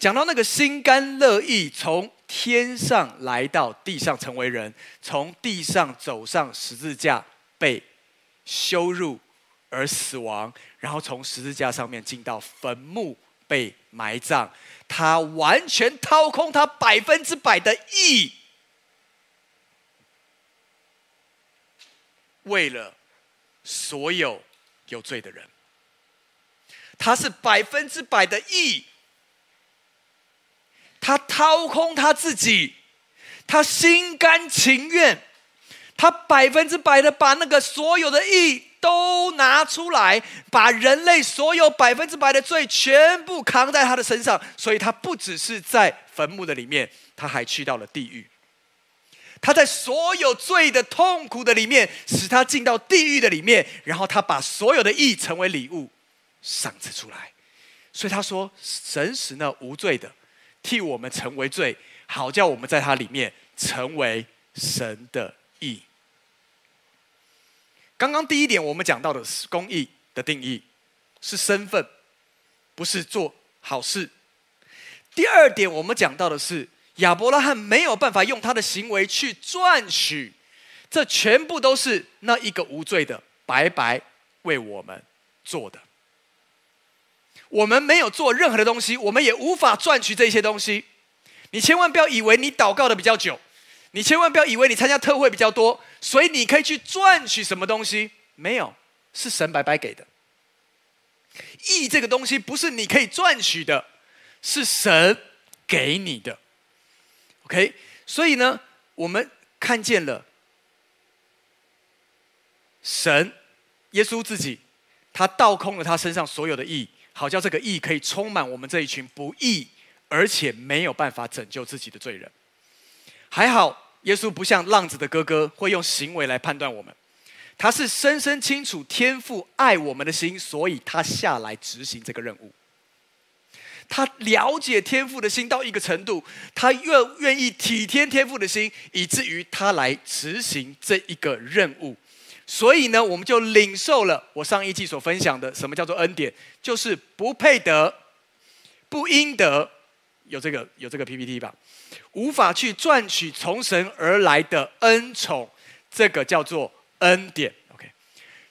講到那個心甘樂意從天上來到地上成為人，從地上走上十字架被羞辱而死亡，然後從十字架上面進到墳墓被埋葬。他完全掏空他百分之百的義，為了所有有罪的人，他是百分之百的義他掏空他自己，他心甘情願，他百分之百的把那個所有的義都拿出來，把人類所有百分之百的罪全部扛在他的身上，所以他不只是在墳墓的裡面，他還去到了地獄。他在所有罪的痛苦的裡面，使他進到地獄的裡面，然後他把所有的義成為禮物賞賜出來，所以他說：“神使那無罪的。”替我們成為罪，好叫我們在他裡面成為神的義。剛剛第一點我們講到的是公義的定義，是身份，不是做好事。第二點我們講到的是亞伯拉罕沒有辦法用他的行為去賺取，這全部都是那一個無罪的白白為我們做的。我們沒有做任何的東西，我們也無法賺取這些東西。你千萬不要以為你禱告的比較久，你千萬不要以為你參加特會比較多，所以你可以去賺取什麼東西？沒有，是神白白給的。義這個東西不是你可以賺取的，是神給你的。OK，所以呢，我們看見了神耶穌自己，他倒空了他身上所有的義。好叫這個義可以充滿我們這一群不義，而且沒有辦法拯救自己的罪人。還好，耶穌不像浪子的哥哥，會用行為來判斷我們。他是深深清楚天父愛我們的心，所以他下來執行這個任務。他了解天父的心到一個程度，他願願意體貼天父的心，以至於他來執行這一個任務。所以呢，我們就領受了我上一季所分享的，什麼叫做恩典？就是不配得、不應得，有這個有這個 PPT 吧？無法去賺取從神而來的恩寵，這個叫做恩典。OK，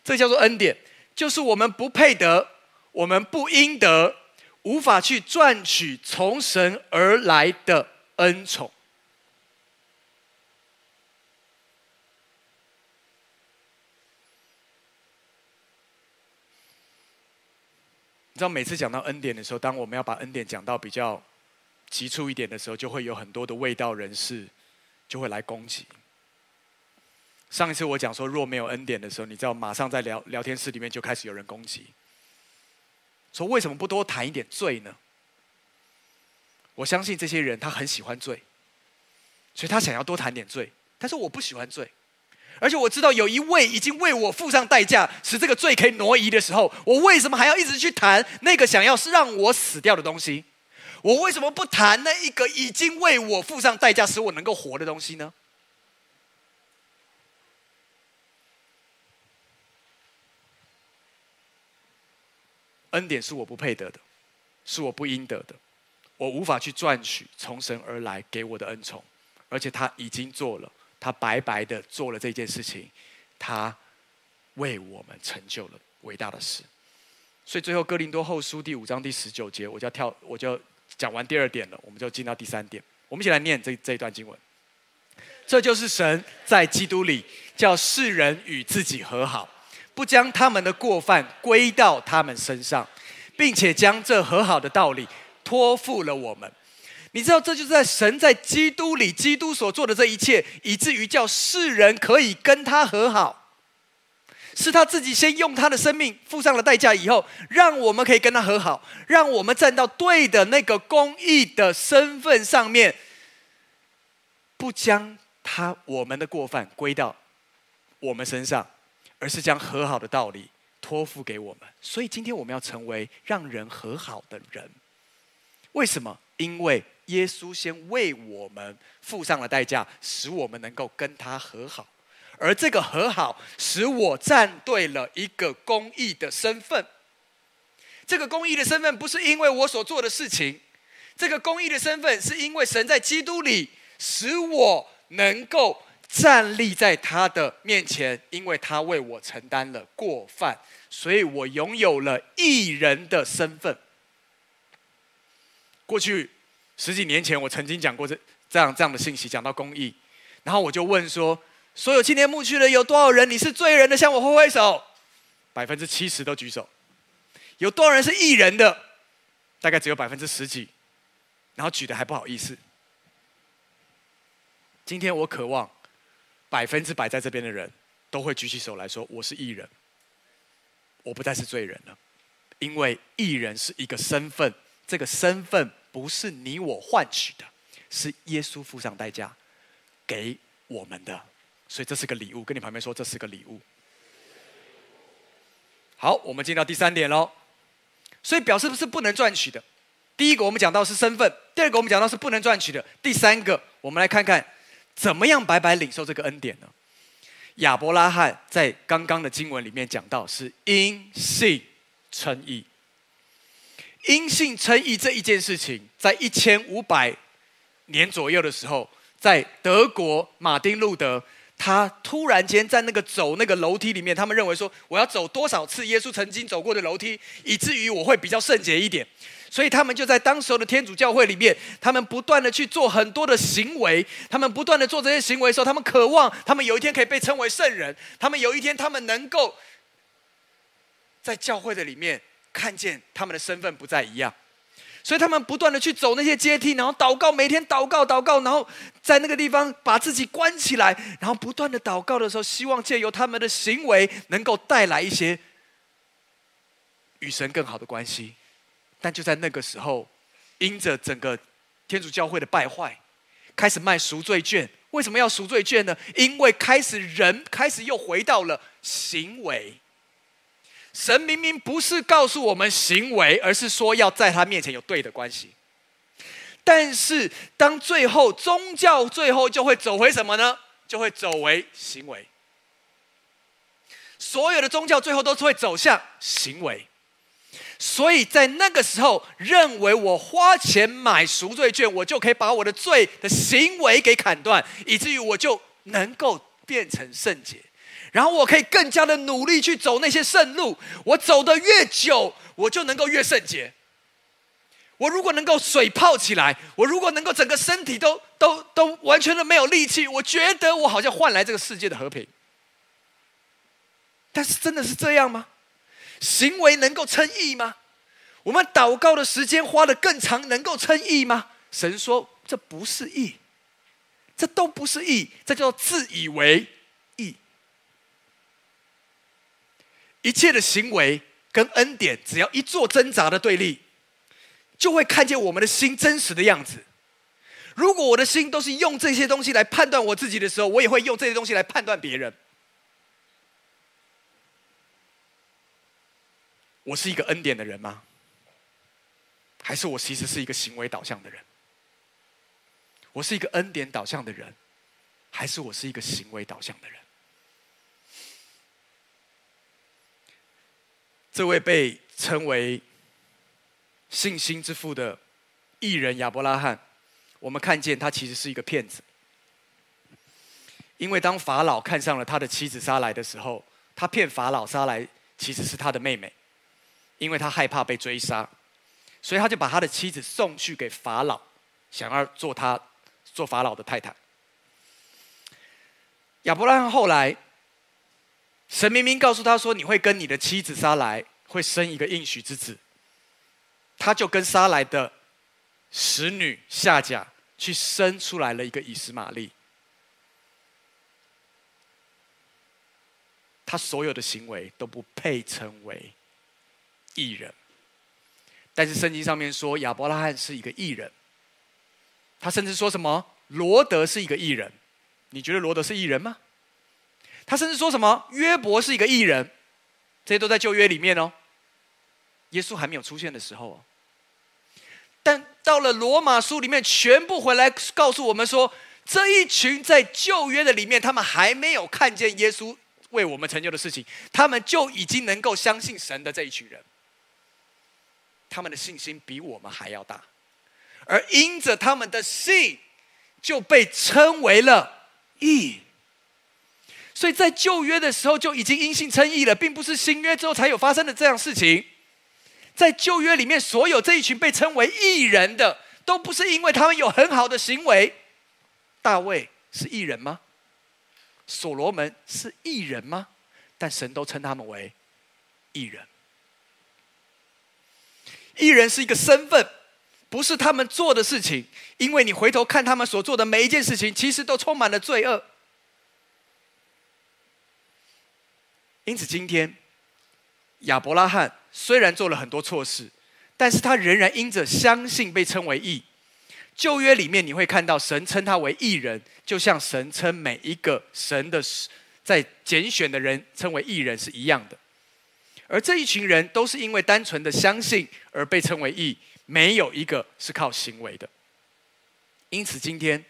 這叫做恩典，就是我們不配得，我們不應得，無法去賺取從神而來的恩寵。你知道每次講到恩典的時候，當我們要把恩典講到比較急促一點的時候，就會有很多的衛道人士就會來攻擊。上一次我講說，若沒有恩典的時候，你知道馬上在聊聊天室裡面就開始有人攻擊，說為什麼不多談一點罪呢？我相信這些人他很喜歡罪，所以他想要多談點罪，但是我不喜歡罪。而且我知道有一位已經為我付上代價，使這個罪可以挪移的時候，我為什麼還要一直去談那個想要是讓我死掉的東西？我為什麼不談那一個已經為我付上代價，使我能夠活的東西呢？恩典是我不配得的，是我不應得的，我無法去賺取從神而來給我的恩寵，而且他已經做了。他白白的做了這件事情，他為我們成就了偉大的事。所以最後哥林多後書第五章第十九節，我就要跳，我就講完第二點了，我們就進到第三點。我們一起來念這這一段經文：這就是神在基督裡叫世人與自己和好，不將他們的過犯歸到他們身上，並且將這和好的道理托付了我們。你知道，這就是在神在基督裡，基督所做的這一切，以至於叫世人可以跟他和好，是他自己先用他的生命付上了代價，以後讓我們可以跟他和好，讓我們站到對的那個公義的身份上面，不將他我們的過犯歸到我們身上，而是將和好的道理托付給我們。所以今天我們要成為讓人和好的人，為什麼？因為。耶穌先為我們付上了代價，使我們能夠跟他和好，而這個和好使我站對了一個公義的身份。這個公義的身份不是因為我所做的事情，這個公義的身份是因為神在基督裡使我能夠站立在他的面前，因為他為我承擔了過犯，所以我擁有了義人的身份。過去。十幾年前，我曾經講過這這樣這樣的信息，講到公義，然後我就問說：所有今天牧區的有多少人？你是罪人的，向我揮揮手。百分之七十都舉手。有多少人是義人的？大概只有百分之十幾。然後舉的還不好意思。今天我渴望百分之百在這邊的人都會舉起手來說：我是義人，我不再是罪人了。因為義人是一個身份，這個身份。不是你我換取的，是耶穌付上代價給我們的，所以這是個禮物。跟你旁邊說，這是個禮物。好，我們進到第三點嘍。所以表示不是不能賺取的。第一個我們講到是身份，第二個我們講到是不能賺取的。第三個，我們來看看怎麼樣白白領受這個恩典呢？亞伯拉罕在剛剛的經文裡面講到是因信稱義。因信稱義這一件事情，在一千五百年左右的時候，在德國馬丁路德，他突然間在那個走那個樓梯裡面，他們認為說，我要走多少次耶穌曾經走過的樓梯，以至於我會比較聖潔一點。所以他們就在當時候的天主教會裡面，他們不斷的去做很多的行為，他們不斷的做這些行為的時候，他們渴望，他們有一天可以被稱為聖人，他們有一天他們能夠在教會的裡面。看見他們的身份不再一樣，所以他們不斷的去走那些階梯，然後禱告，每天禱告禱告，然後在那個地方把自己關起來，然後不斷的禱告的時候，希望借由他們的行為能夠帶來一些與神更好的關係。但就在那個時候，因着整個天主教會的敗壞，開始賣贖罪券。為什麼要贖罪券呢？因為開始人開始又回到了行為。神明明不是告訴我們行為，而是說要在他面前有對的關係。但是，當最後宗教最後就會走回什麼呢？就會走回行為。所有的宗教最後都是會走向行為。所以在那個時候，認為我花錢買贖罪券，我就可以把我的罪的行為給砍斷，以至於我就能夠變成聖潔。然後我可以更加的努力去走那些聖路，我走得越久，我就能夠越聖潔。我如果能夠水泡起來，我如果能夠整個身體都都都完全的沒有力氣，我覺得我好像換來這個世界的和平。但是真的是這樣嗎？行為能夠稱義嗎？我們禱告的時間花得更長，能夠稱義嗎？神說這不是義，這都不是義，這叫做自以為。一切的行為跟恩典，只要一做掙扎的對立，就會看見我們的心真實的樣子。如果我的心都是用這些東西來判斷我自己的時候，我也會用這些東西來判斷別人。我是一個恩典的人嗎？還是我其實是一個行為導向的人？我是一個恩典導向的人，還是我是一個行為導向的人？這位被稱為信心之父的義人亞伯拉罕，我們看見他其實是一個騙子，因為當法老看上了他的妻子莎萊的時候，他騙法老莎萊其實是他的妹妹，因為他害怕被追殺，所以他就把他的妻子送去給法老，想要做他做法老的太太。亞伯拉罕後來，神明明告訴他說：“你會跟你的妻子莎萊。”會生一個應許之子，他就跟撒萊的使女夏甲去生出來了一個以實瑪利。他所有的行為都不配成為義人，但是聖經上面說亞伯拉罕是一個義人，他甚至說什麼羅德是一個義人，你覺得羅德是義人嗎？他甚至說什麼約伯是一個義人，這些都在舊約裡面哦。耶穌還沒有出現的時候，但到了羅馬書裡面，全部回來告訴我們說，這一群在舊約的裡面，他們還沒有看見耶穌為我們成就的事情，他們就已經能夠相信神的這一群人，他們的信心比我們還要大，而因着他們的信，就被稱為了義。所以在舊約的時候就已經因信稱義了，並不是新約之後才有發生的這樣事情。在舊約裡面，所有這一群被稱為義人的，都不是因為他們有很好的行為。大衛是義人嗎？所羅門是義人嗎？但神都稱他們為義人。義人是一個身份，不是他們做的事情。因為你回頭看他們所做的每一件事情，其實都充滿了罪惡。因此，今天。亞伯拉罕雖然做了很多錯事，但是他仍然因着相信被稱為義。舊約裡面你會看到神稱他為義人，就像神稱每一個神的在揀選的人稱為義人是一樣的。而這一群人都是因為單純的相信而被稱為義，沒有一個是靠行為的。因此，今天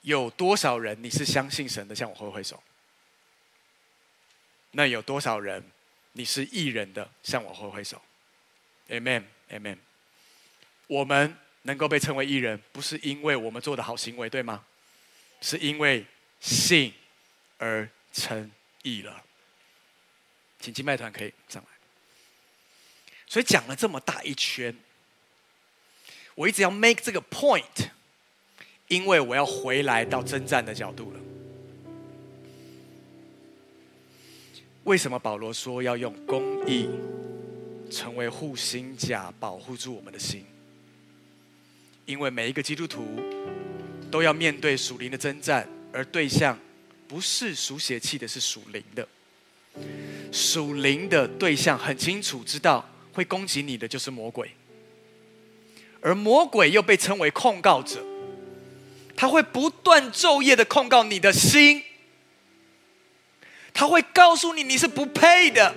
有多少人你是相信神的？向我揮揮手。那有多少人？你是義人的，向我揮揮手，Amen，Amen Amen。我們能夠被稱為義人，不是因為我們做的好行為，對嗎？是因為信而稱義了。請敬拜團可以上來。所以講了這麼大一圈，我一直要 make 這個 point，因為我要回來到征戰的角度了。為什麼保羅說要用公義成為護心甲，保護住我們的心？因為每一個基督徒都要面對屬靈的征戰，而對象不是屬血氣的，是屬靈的。屬靈的對象很清楚知道，會攻擊你的就是魔鬼，而魔鬼又被稱為控告者，他會不斷晝夜的控告你的心。他會告訴你，你是不配的，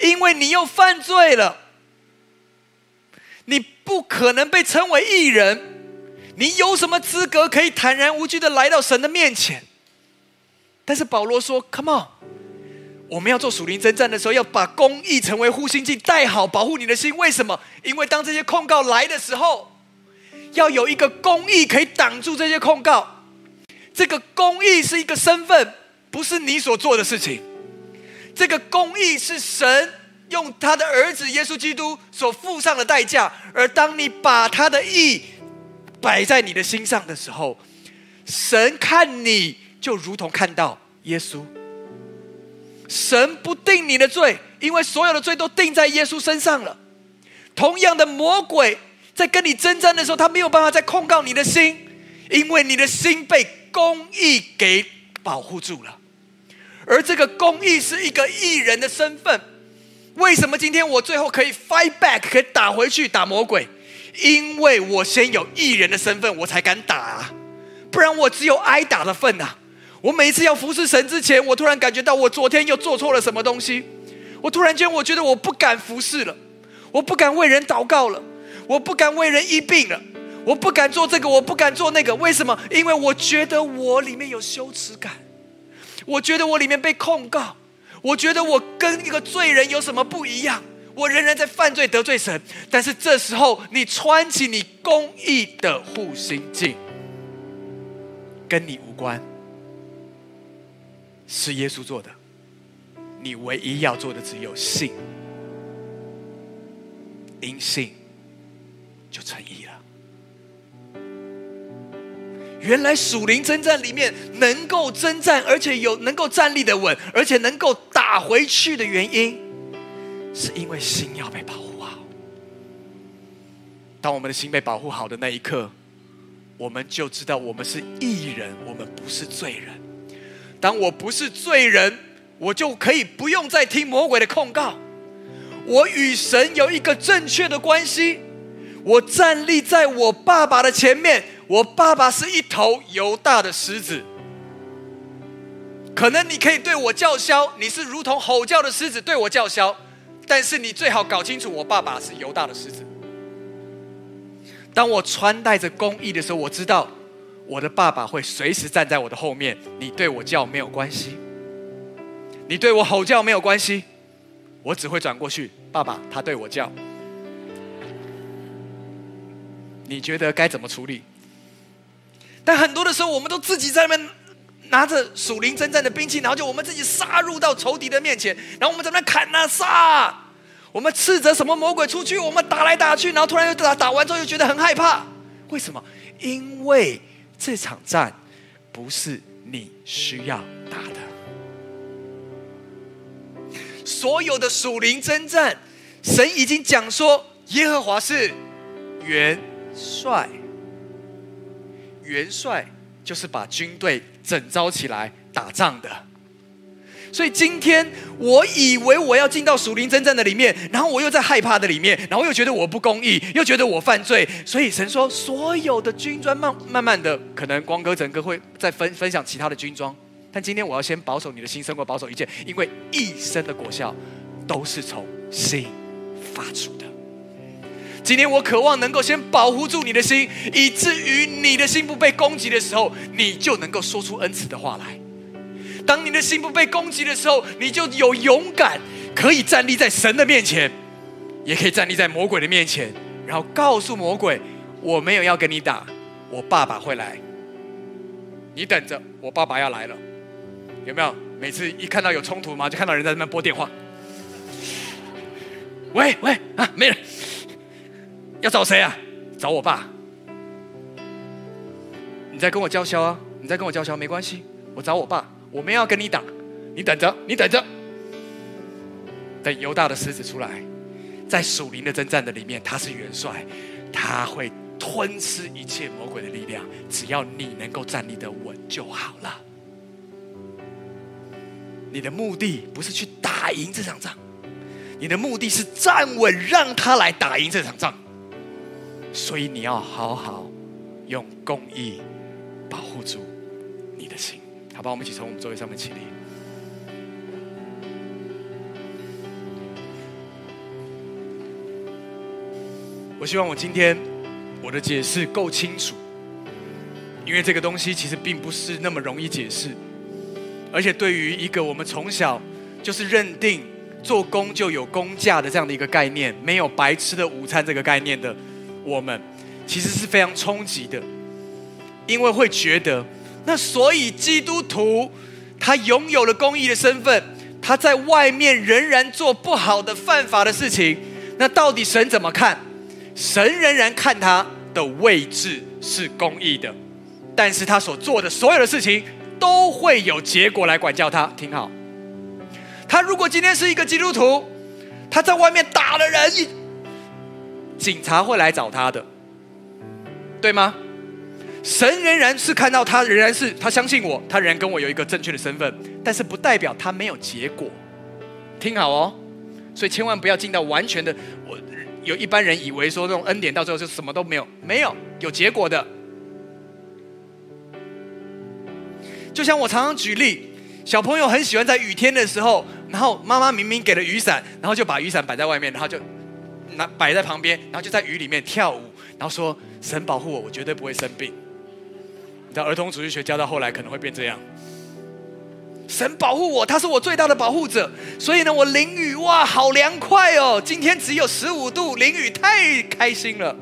因為你又犯罪了。你不可能被稱為義人，你有什麼資格可以坦然無懼的來到神的面前？但是保羅說：“Come on，我們要做屬靈征戰的時候，要把公義成為護心鏡帶好，保護你的心。為什麼？因為當這些控告來的時候，要有一個公義可以擋住這些控告。這個公義是一個身份。”不是你所做的事情，這個公義是神用他的兒子耶穌基督所付上的代價。而當你把他的義擺在你的心上的時候，神看你就如同看到耶穌。神不定你的罪，因為所有的罪都定在耶穌身上了。同樣的，魔鬼在跟你爭戰的時候，他沒有辦法再控告你的心，因為你的心被公義給。保護住了，而這個公義是一個義人的身份。為什麼今天我最後可以 fight back，可以打回去打魔鬼？因為我先有義人的身份，我才敢打啊！不然我只有挨打的份啊。我每一次要服侍神之前，我突然感覺到我昨天又做錯了什麼東西。我突然間我覺得我不敢服侍了，我不敢為人禱告了，我不敢為人醫病了。我不敢做這個，我不敢做那個，為什麼？因為我覺得我裡面有羞恥感，我覺得我裡面被控告，我覺得我跟一個罪人有什麼不一樣？我仍然在犯罪得罪神。但是這時候，你穿起你公義的護心鏡，跟你無關，是耶穌做的。你唯一要做的只有信，因信就成義了。原來屬靈征戰裡面能夠征戰，而且有能夠站立得穩，而且能夠打回去的原因，是因為心要被保護好。當我們的心被保護好的那一刻，我們就知道我們是義人，我們不是罪人。當我不是罪人，我就可以不用再聽魔鬼的控告。我與神有一個正確的關係，我站立在我爸爸的前面。我爸爸是一頭猶大的獅子，可能你可以對我叫囂，你是如同吼叫的獅子對我叫囂，但是你最好搞清楚，我爸爸是猶大的獅子。當我穿戴着公義的時候，我知道我的爸爸會隨時站在我的後面。你對我叫沒有關係，你對我吼叫沒有關係，我只會轉過去。爸爸他對我叫，你覺得該怎麼處理？但很多的時候，我們都自己在那邊拿着屬靈征戰的兵器，然後就我們自己殺入到仇敵的面前，然後我們在那砍那、啊、殺，我們斥責什麼魔鬼出去，我們打來打去，然後突然又打，打完之後又覺得很害怕，為什麼？因為這場戰不是你需要打的，所有的屬靈征戰，神已經講說，耶和華是元帥。元帥就是把軍隊徵召起來打仗的，所以今天我以為我要進到屬靈爭戰的裡面，然後我又在害怕的裡面，然後又覺得我不公義，又覺得我犯罪，所以神說所有的軍裝慢慢慢的，可能光哥、整個會再分分享其他的軍裝，但今天我要先保守你的心，勝過保守一切，因為一生的果效都是從心發出的。今天我渴望能夠先保護住你的心，以至於你的心不被攻擊的時候，你就能夠說出恩慈的話來。當你的心不被攻擊的時候，你就有勇敢，可以站立在神的面前，也可以站立在魔鬼的面前，然後告訴魔鬼：“我沒有要跟你打，我爸爸會來，你等着，我爸爸要來了。”有沒有？每次一看到有衝突嘛，就看到人在那邊撥電話。喂喂啊，沒人。要找誰啊？找我爸！你在跟我叫囂啊？你在跟我叫囂啊，沒關係，我找我爸，我沒要跟你打，你等着，你等着，等猶大的獅子出來。在屬靈的征戰的裡面，他是元帥，他會吞吃一切魔鬼的力量，只要你能夠站立得穩就好了。你的目的不是去打贏這場仗，你的目的是站穩，讓他來打贏這場仗。所以你要好好用公義保護住你的心，好吧？我們一起從我們座位上面起立。我希望我今天我的解釋夠清楚，因為這個東西其實並不是那麼容易解釋，而且對於一個我們從小就是認定做工就有工價的這樣的一個概念，沒有白吃的午餐這個概念的。我們其實是非常衝擊的，因為會覺得，那所以基督徒他擁有了公義的身份，他在外面仍然做不好的犯法的事情，那到底神怎麼看？神仍然看他的位置是公義的，但是他所做的所有的事情都會有結果來管教他，挺好。他如果今天是一個基督徒，他在外面打了人，警察會來找他的，對嗎？神仍然是看到他，仍然是他相信我，他仍然跟我有一個正確的身份，但是不代表他沒有結果。聽好哦，所以千萬不要進到完全的。我有一般人以為說，這種恩典到最後就什麼都沒有，沒有有結果的。就像我常常舉例，小朋友很喜歡在雨天的時候，然後媽媽明明給了雨傘，然後就把雨傘擺在外面，然後就。那擺在旁邊，然後就在雨裡面跳舞，然後說：“神保護我，我絕對不會生病。”你知道兒童主日學教到後來可能會變這樣。神保護我，他是我最大的保護者，所以呢，我淋雨哇，好涼快哦！今天只有十五度，淋雨太開心了。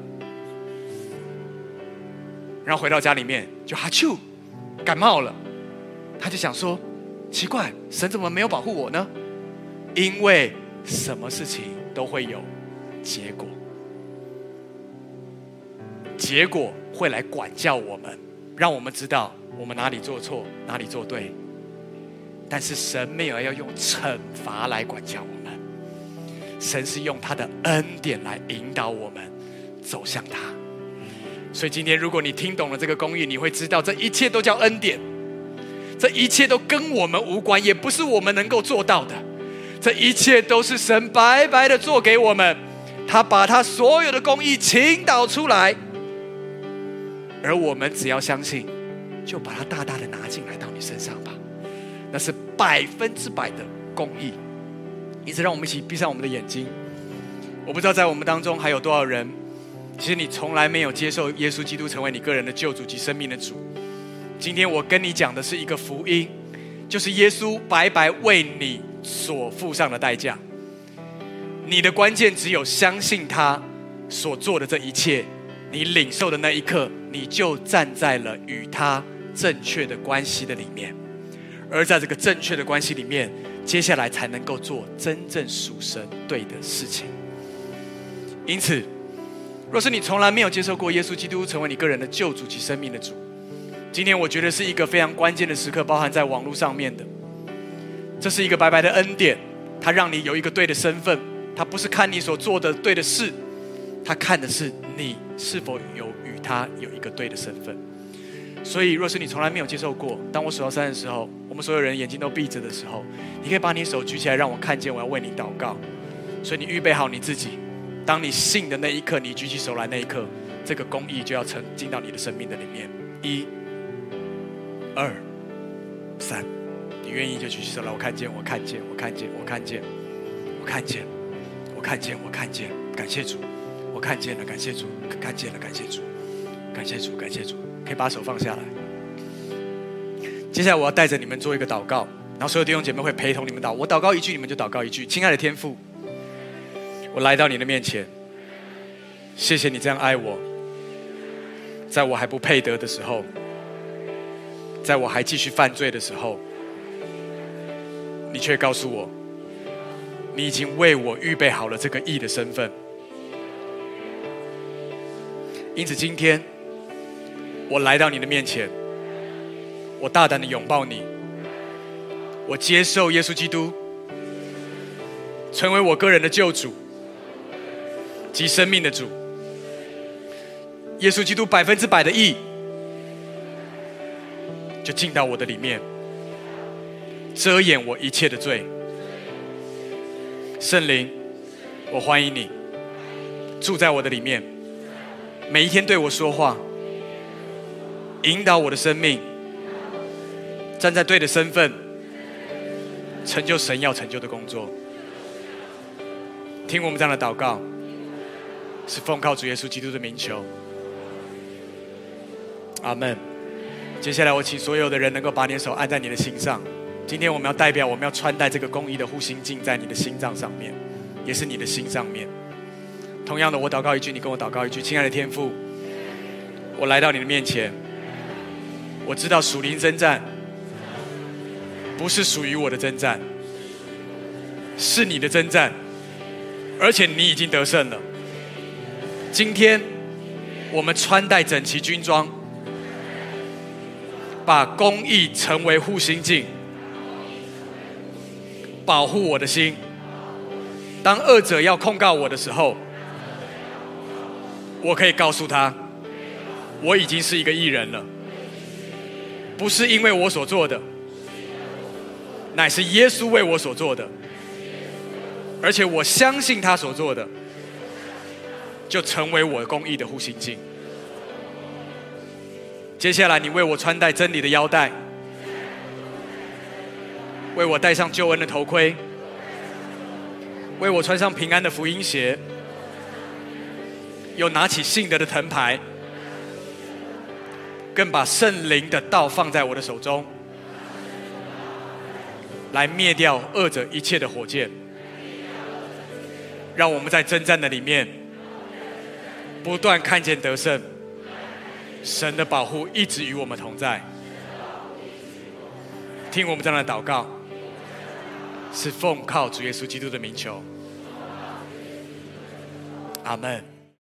然後回到家裡面就哈啾感冒了。他就想說：“奇怪，神怎麼沒有保護我呢？”因為什麼事情都會有。結果，結果會來管教我們，讓我們知道我們哪裡做錯，哪裡做對。但是神沒有要用懲罰來管教我們，神是用他的恩典來引導我們走向他。所以今天，如果你聽懂了這個公義，你會知道這一切都叫恩典，這一切都跟我們無關，也不是我們能夠做到的。這一切都是神白白的做給我們。他把他所有的公義傾倒出來，而我們只要相信，就把它大大的拿進來到你身上吧。那是百分之百的公義。一直讓我們一起閉上我們的眼睛。我不知道在我們當中還有多少人，其實你從來沒有接受耶穌基督成為你個人的救主及生命的主。今天我跟你講的是一個福音，就是耶穌白白為你所付上的代價。你的關鍵只有相信他所做的這一切，你領受的那一刻，你就站在了與他正確的關係的裡面，而在這個正確的關係裡面，接下來才能夠做真正屬神對的事情。因此，若是你從來沒有接受過耶穌基督成為你個人的救主及生命的主，今天我覺得是一個非常關鍵的時刻，包含在網絡上面的，這是一個白白的恩典，它讓你有一個對的身份。他不是看你所做的對的事，他看的是你是否有與他有一個對的身份。所以，若是你從來沒有接受過，當我數到三的時候，我們所有人眼睛都閉着的時候，你可以把你手舉起來讓我看見，我要為你禱告。所以，你預備好你自己。當你信的那一刻，你舉起手來那一刻，這個公義就要成進到你的生命的裡面。一、二、三，你願意就舉起手來，我看見，我看見，我看見，我看見，我看見。我看見，我看見，感謝主，我看見了，感謝主，看見了，感謝主，感謝主，感謝主，可以把手放下來。接下來我要帶着你們做一個禱告，然後所有弟兄姐妹會陪同你們禱。我禱告一句，你們就禱告一句。親愛的天父，我來到你的面前，謝謝你這樣愛我，在我還不配得的時候，在我還繼續犯罪的時候，你卻告訴我。你已經為我預備好了這個義的身份，因此今天我來到你的面前，我大膽的擁抱你，我接受耶穌基督成為我個人的救主及生命的主。耶穌基督百分之百的義就進到我的裡面，遮掩我一切的罪。聖靈，我歡迎你，住在我的裡面，每一天對我說話，引導我的生命，站在對的身份，成就神要成就的工作。聽我們這樣的禱告，是奉靠主耶穌基督的名求，阿門。接下來，我請所有的人能夠把你的手按在你的心上。今天我們要代表，我們要穿戴這個公義的護心鏡，在你的心臟上面，也是你的心上面。同樣的，我禱告一句，你跟我禱告一句，親愛的天父，我來到你的面前。我知道屬靈征戰不是屬於我的征戰，是你的征戰，而且你已經得勝了。今天我們穿戴整齊軍裝，把公義成為護心鏡，保護我的心。當惡者要控告我的時候，我可以告訴他，我已經是一個義人了，不是因為我所做的，乃是耶穌為我所做的，而且我相信他所做的，就成為我公義的護心鏡。接下來，你為我穿戴真理的腰帶。為我戴上救恩的頭盔，為我穿上平安的福音鞋，又拿起信德的藤牌，更把聖靈的道放在我的手中，來滅掉惡者一切的火箭。讓我們在征戰的裡面，不斷看見得勝，神的保護一直與我們同在。聽我們這樣的禱告，是奉靠主耶穌基督的名求，阿門。